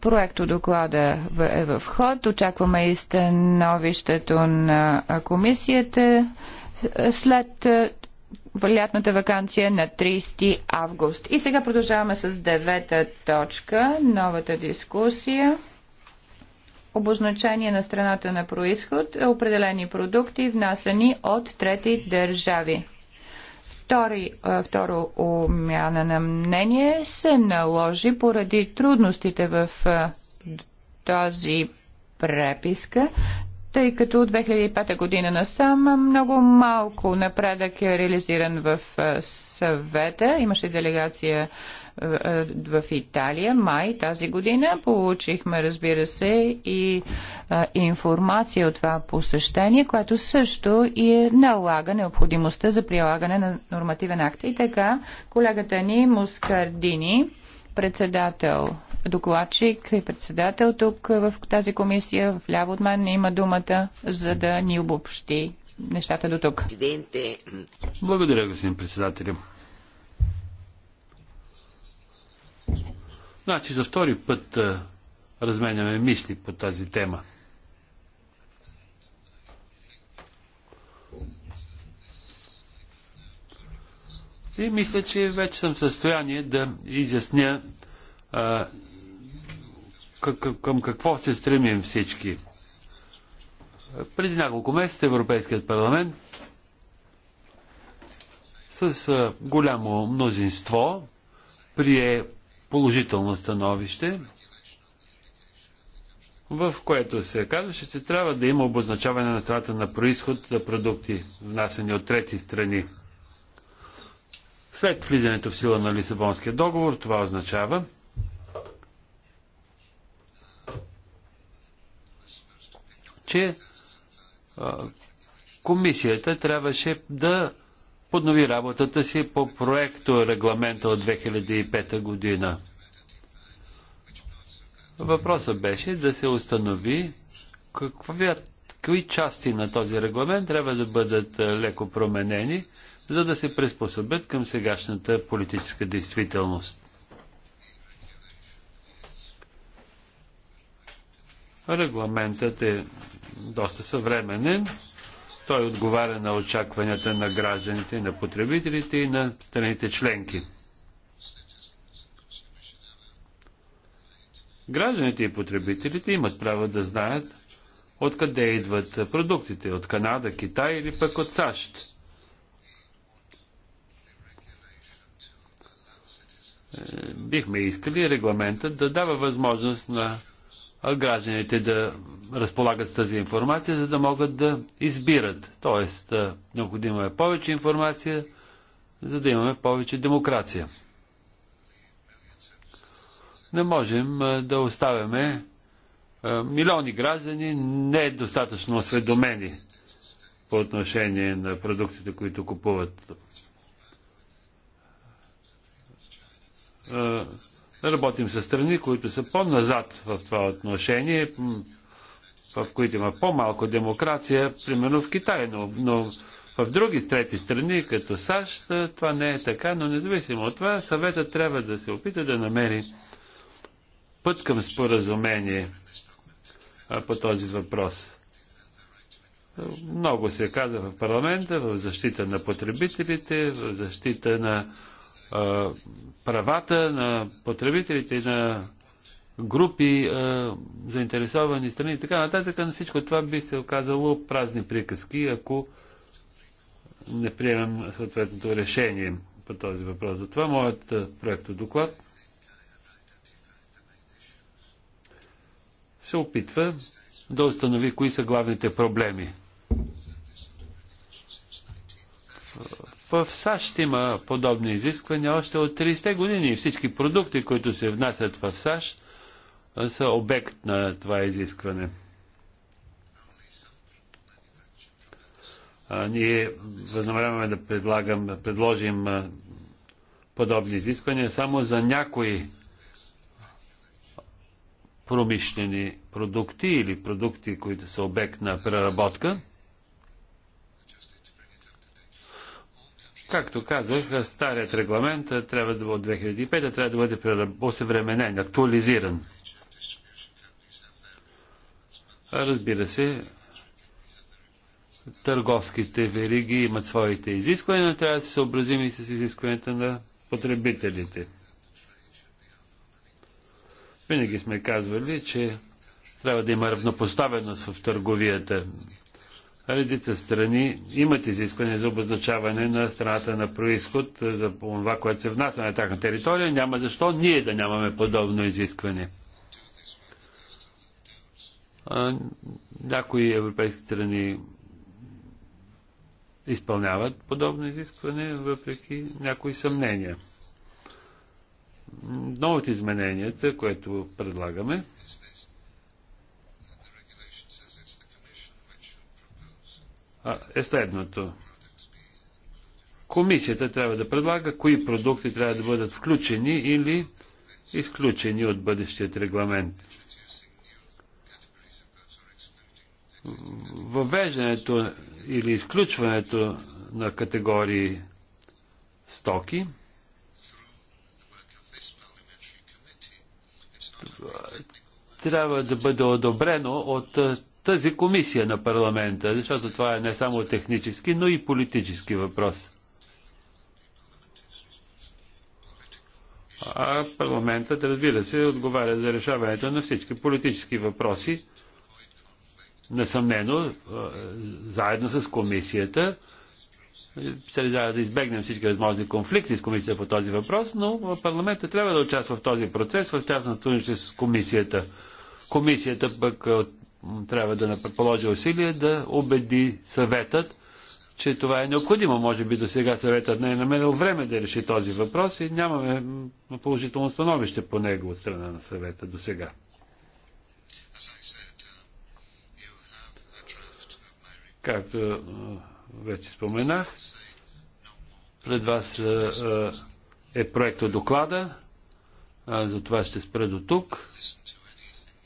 Проекто доклада е в ход. Очакваме и становището на комисията е, след е, лятната вакансия на 30 август. И сега продължаваме с девета точка, новата дискусия. Обозначение на страната на происход, е определени продукти, внасяни от трети държави. Втори, второ умяна на мнение се наложи поради трудностите в тази преписка, тъй като от 2005 година насам много малко напредък е реализиран в съвета. Имаше делегация е, е, в Италия. Май тази година получихме, разбира се, и е, информация от това посещение, което също и налага необходимостта за прилагане на нормативен акт. И така, колегата ни Мускардини председател, докладчик и председател тук в тази комисия, вляво от мен има думата, за да ни обобщи нещата до тук.
Благодаря, господин председател. Значи за втори път а, разменяме мисли по тази тема. И мисля, че вече съм в състояние да изясня а, към какво се стремим всички. Преди няколко месеца Европейският парламент с а, голямо мнозинство прие положително становище, в което се казва, че трябва да има обозначаване на страната на происход за продукти, внасяни от трети страни. След влизането в сила на Лисабонския договор, това означава, че комисията трябваше да поднови работата си по проекто регламента от 2005 година. Въпросът беше да се установи какви, какви части на този регламент трябва да бъдат е, леко променени, за да се приспособят към сегашната политическа действителност. Регламентът е доста съвременен той отговаря на очакванията на гражданите, на потребителите и на страните членки. Гражданите и потребителите имат право да знаят откъде идват продуктите от Канада, Китай или пък от САЩ. Е, бихме искали регламентът да дава възможност на гражданите да разполагат с тази информация, за да могат да избират. Тоест, необходимо е повече информация, за да имаме повече демокрация. Не можем да оставяме милиони граждани не достатъчно осведомени по отношение на продуктите, които купуват работим с страни, които са по-назад в това отношение, в които има по-малко демокрация, примерно в Китай, но, но в други трети страни, като САЩ, това не е така, но независимо от това, съветът трябва да се опита да намери път към споразумение по този въпрос. Много се каза в парламента в защита на потребителите, в защита на правата на потребителите, на групи, заинтересовани страни и така нататък, на всичко това би се оказало празни приказки, ако не приемам съответното решение по този въпрос. Затова моят проект доклад се опитва да установи кои са главните проблеми в САЩ има подобни изисквания още от 30-те години. Всички продукти, които се внасят в САЩ, са обект на това изискване. А, ние възнамеряваме да предлагам, да предложим а, подобни изисквания само за някои промишлени продукти или продукти, които са обект на преработка. Както казах, старият регламент трябва да бъде от 2005, трябва да бъде осъвременен, актуализиран. Разбира се, търговските вериги имат своите изисквания, но трябва да се съобразим и с изискванията на потребителите. Винаги сме казвали, че трябва да има равнопоставеност в търговията редица страни имат изискване за обозначаване на страната на происход е, за това, което се внася на тяхна територия. Няма защо ние да нямаме подобно изискване. А, някои европейски страни изпълняват подобно изискване, въпреки някои съмнения. Новите измененията, което предлагаме, е следното. Комисията трябва да предлага кои продукти трябва да бъдат включени или изключени от бъдещият регламент. Въвеждането или изключването на категории стоки трябва да бъде одобрено от тази комисия на парламента, защото това е не само технически, но и политически въпрос. А парламентът, разбира се, отговаря за решаването на всички политически въпроси, несъмнено, заедно с комисията. Трябва да избегнем всички възможни конфликти с комисията по този въпрос, но парламентът трябва да участва в този процес, в частност с комисията. Комисията пък е от трябва да предположи усилие да убеди съветът, че това е необходимо. Може би до сега съветът не е намерил време да реши този въпрос и нямаме положително становище по него от страна на съвета до сега. Както вече споменах, пред вас е проекта доклада, за това ще спра до тук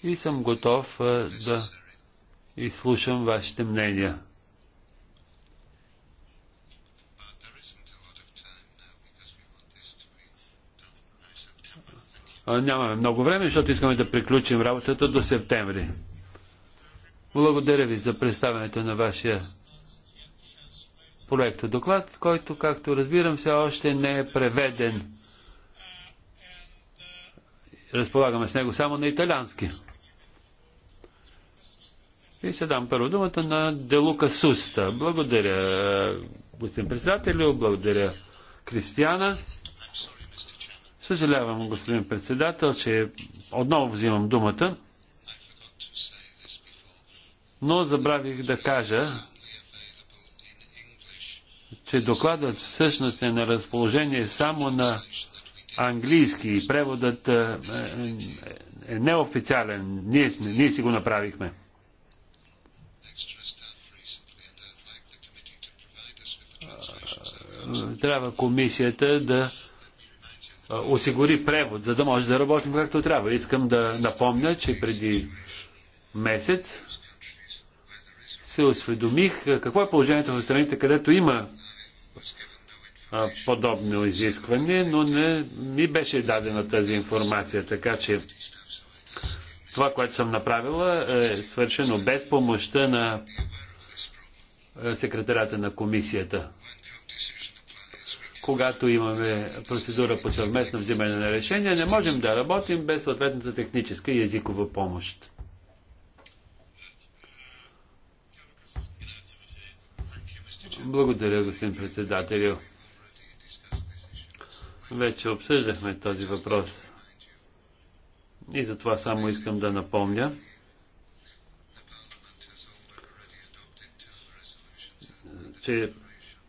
и съм готов да изслушам вашите мнения. Нямаме много време, защото искаме да приключим работата до септември. Благодаря ви за представянето на вашия проекта доклад, който, както разбирам, все още не е преведен. Разполагаме с него само на италиански. И ще дам първо думата на Делука Суста. Благодаря, господин председател, благодаря, Кристияна. Съжалявам, господин председател, че отново взимам думата, но забравих да кажа, че докладът всъщност е на разположение само на английски и преводът е, е, е неофициален. Ние, ние си го направихме. трябва комисията да осигури превод, за да може да работим както трябва. Искам да напомня, че преди месец се осведомих какво е положението в страните, където има подобно изискване, но не ми беше дадена тази информация, така че това, което съм направила, е свършено без помощта на секретарята на комисията когато имаме процедура по съвместно вземане на решения, не можем да работим без съответната техническа и езикова помощ. Благодаря, господин председателю. Вече обсъждахме този въпрос. И затова само искам да напомня, че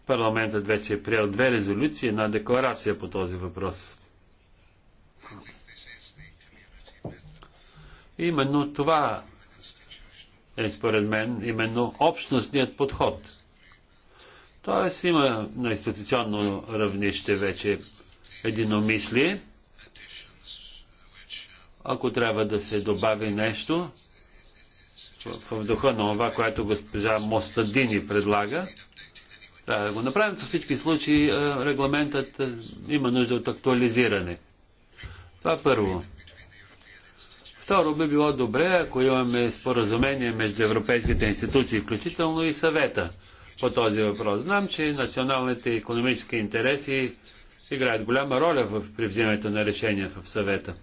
Парламентът вече е приел две резолюции, една декларация по този въпрос. Именно това е според мен именно общностният подход. Тоест има на институционно равнище вече единомислие. Ако трябва да се добави нещо в, в духа на това, което госпожа Мостадини предлага, трябва да го направим. В всички случаи регламентът има нужда от актуализиране. Това първо. Второ, би било добре, ако имаме споразумение между европейските институции, включително и съвета по този въпрос. Знам, че националните економически интереси играят голяма роля в, при на решения в съвета.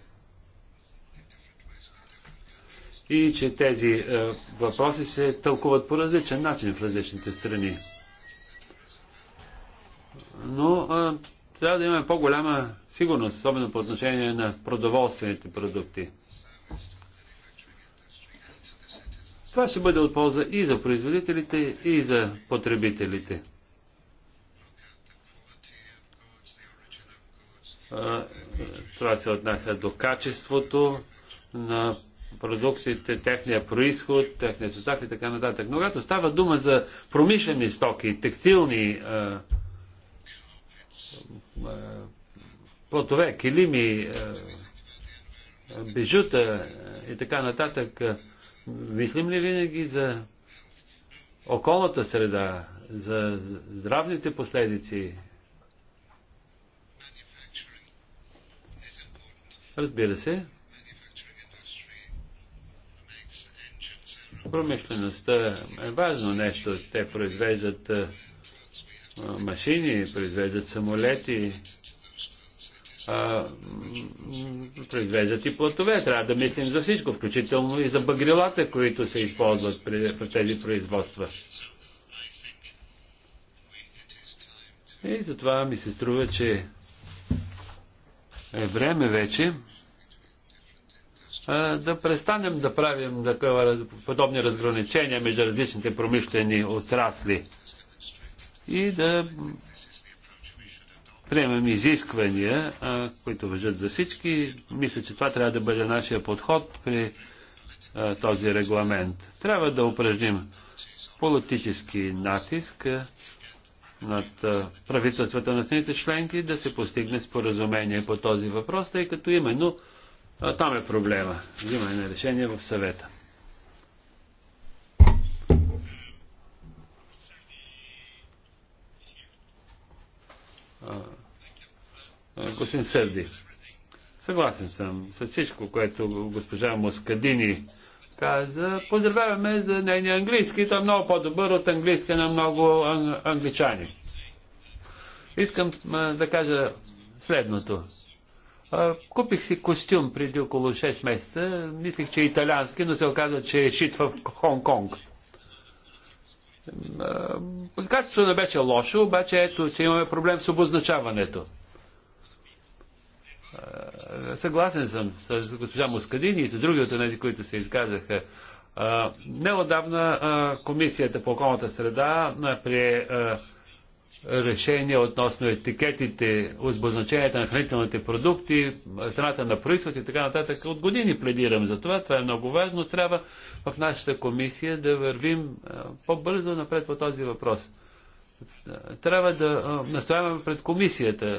И че тези е, въпроси се тълкуват по различен начин в различните страни но а, трябва да имаме по-голяма сигурност, особено по отношение на продоволствените продукти. Това ще бъде от полза и за производителите, и за потребителите. Това се отнася до качеството на продукциите, техния происход, техния състав и така нататък. Но когато става дума за промишлени стоки, текстилни плотове, килими, е, бижута и така нататък, мислим ли винаги за околната среда, за здравните последици? Разбира се. Промишлеността е важно нещо. Те произвеждат е, машини, произвеждат самолети, а, произвеждат и плотове. Трябва да мислим за всичко, включително и за багрилата, които се използват при, тези производства. И затова ми се струва, че е време вече а, да престанем да правим такова, подобни разграничения между различните промишлени отрасли и да приемем изисквания, които въжат за всички. Мисля, че това трябва да бъде нашия подход при този регламент. Трябва да упражним политически натиск над правителствата на страните членки да се постигне споразумение по този въпрос, тъй като именно там е проблема. Взимане на решение в съвета. господин Сърди. Съгласен съм с всичко, което госпожа Москадини каза. Поздравяваме за нейния английски. Той е много по-добър от английски на много ан- англичани. Искам а, да кажа следното. А, купих си костюм преди около 6 месеца. Мислих, че е италиански, но се оказа, че е шит в Хонг-Конг. Качеството не беше лошо, обаче ето, че имаме проблем с обозначаването. Съгласен съм с госпожа Мускадин и с други от тези, които се изказаха. Неодавна Комисията по околната среда прие решения относно етикетите, обозначенията на хранителните продукти, страната на происход и така нататък. От години пледирам за това. Това е много важно. Трябва в нашата комисия да вървим по-бързо напред по този въпрос. Трябва да настояваме пред комисията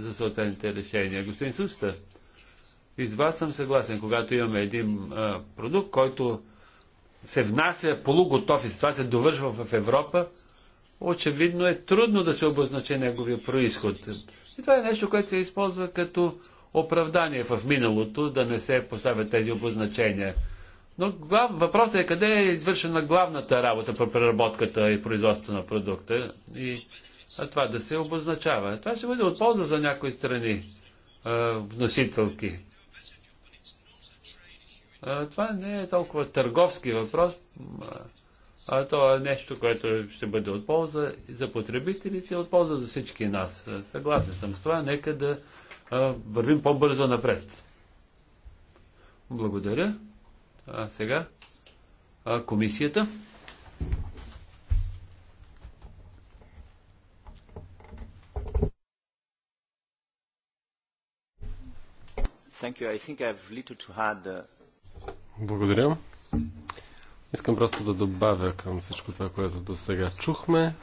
за съответните решения. Господин Суста, и с вас съм съгласен, когато имаме един продукт, който се внася полуготов и с това се довършва в Европа, очевидно е трудно да се обозначи неговия происход. И това е нещо, което се използва като оправдание в миналото, да не се поставят тези обозначения. Но глав... въпросът е къде е извършена главната работа по преработката и производството на продукта и а това да се обозначава. Това ще бъде от полза за някои страни а, вносителки. А, това не е толкова търговски въпрос а то е нещо, което ще бъде от полза за потребителите и е от полза за всички нас. Съгласен съм с това. Нека да а, вървим по-бързо напред. Благодаря. А сега а, комисията.
Thank you. I think I've little to add. Uh, Благодаря. Искам просто да добавя към всичко това, което до сега чухме.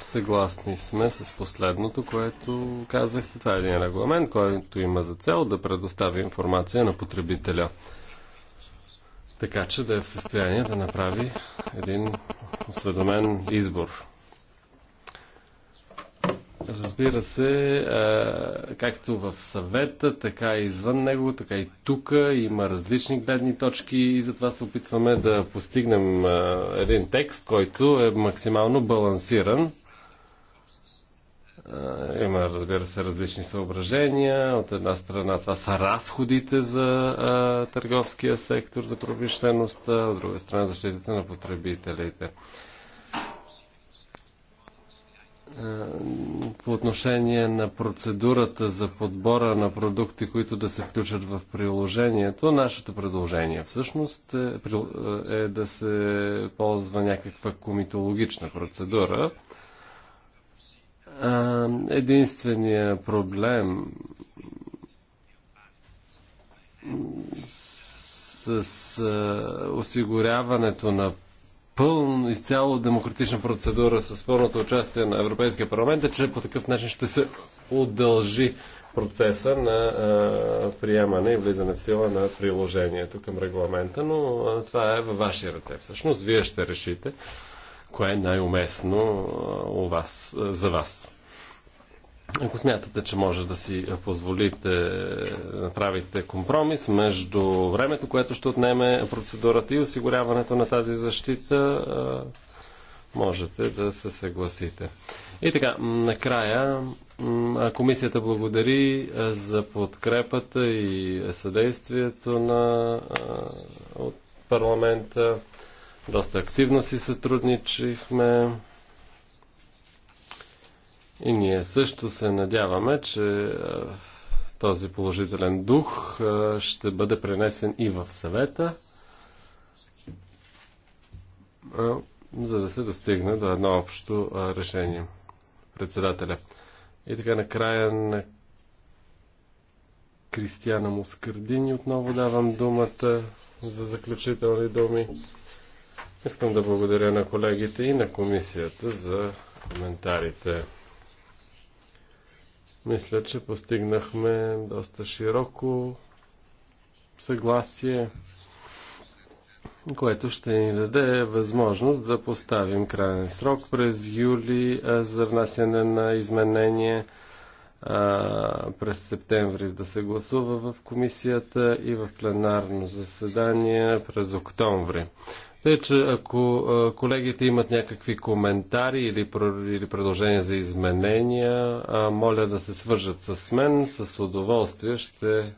Съгласни сме с последното, което казахте. Това е един регламент, който има за цел да предостави информация на потребителя. Така че да е в състояние да направи един осведомен избор. Разбира се, както в съвета, така и извън него, така и тук има различни гледни точки и затова се опитваме да постигнем един текст, който е максимално балансиран. има, разбира се, различни съображения. От една страна това са разходите за търговския сектор, за промишлеността, от друга страна защитите на потребителите. Е, по отношение на процедурата за подбора на продукти, които да се включат в приложението, нашето предложение всъщност е, е да се ползва някаква комитологична процедура. Е, Единственият проблем с осигуряването на пълно изцяло демократична процедура с пълното участие на Европейския парламент е, че по такъв начин ще се удължи процеса на а, приемане и влизане в сила на приложението към регламента, но а, това е във ваши ръце. Всъщност, вие ще решите кое е най-уместно у вас, а, за вас. Ако смятате, че може да си позволите да е, направите компромис между времето, което ще отнеме процедурата и осигуряването на тази защита, е, можете да се съгласите. И така, накрая комисията благодари е, за подкрепата и съдействието на от парламента. Доста активно си сътрудничихме. И ние също се надяваме, че този положителен дух ще бъде пренесен и в съвета, за да се достигне до едно общо решение. Председателя. И така накрая на Кристиана Мускардини отново давам думата за заключителни думи. Искам да благодаря на колегите и на комисията за коментарите. Мисля, че постигнахме доста широко съгласие, което ще ни даде възможност да поставим крайен срок през юли за внасяне на изменение през септември да се гласува в комисията и в пленарно заседание през октомври. Тъй, е, че ако колегите имат някакви коментари или, или предложения за изменения, моля да се свържат с мен. С удоволствие ще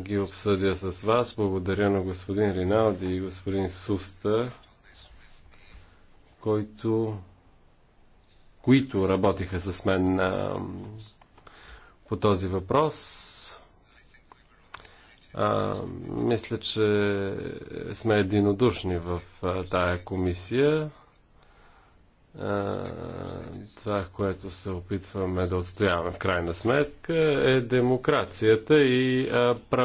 ги обсъдя с вас. Благодаря на господин Риналди и господин Суста, който, които работиха с мен по този въпрос. А, мисля, че сме единодушни в а, тая комисия. А, това, което се опитваме да отстояваме в крайна сметка е демокрацията и а, прав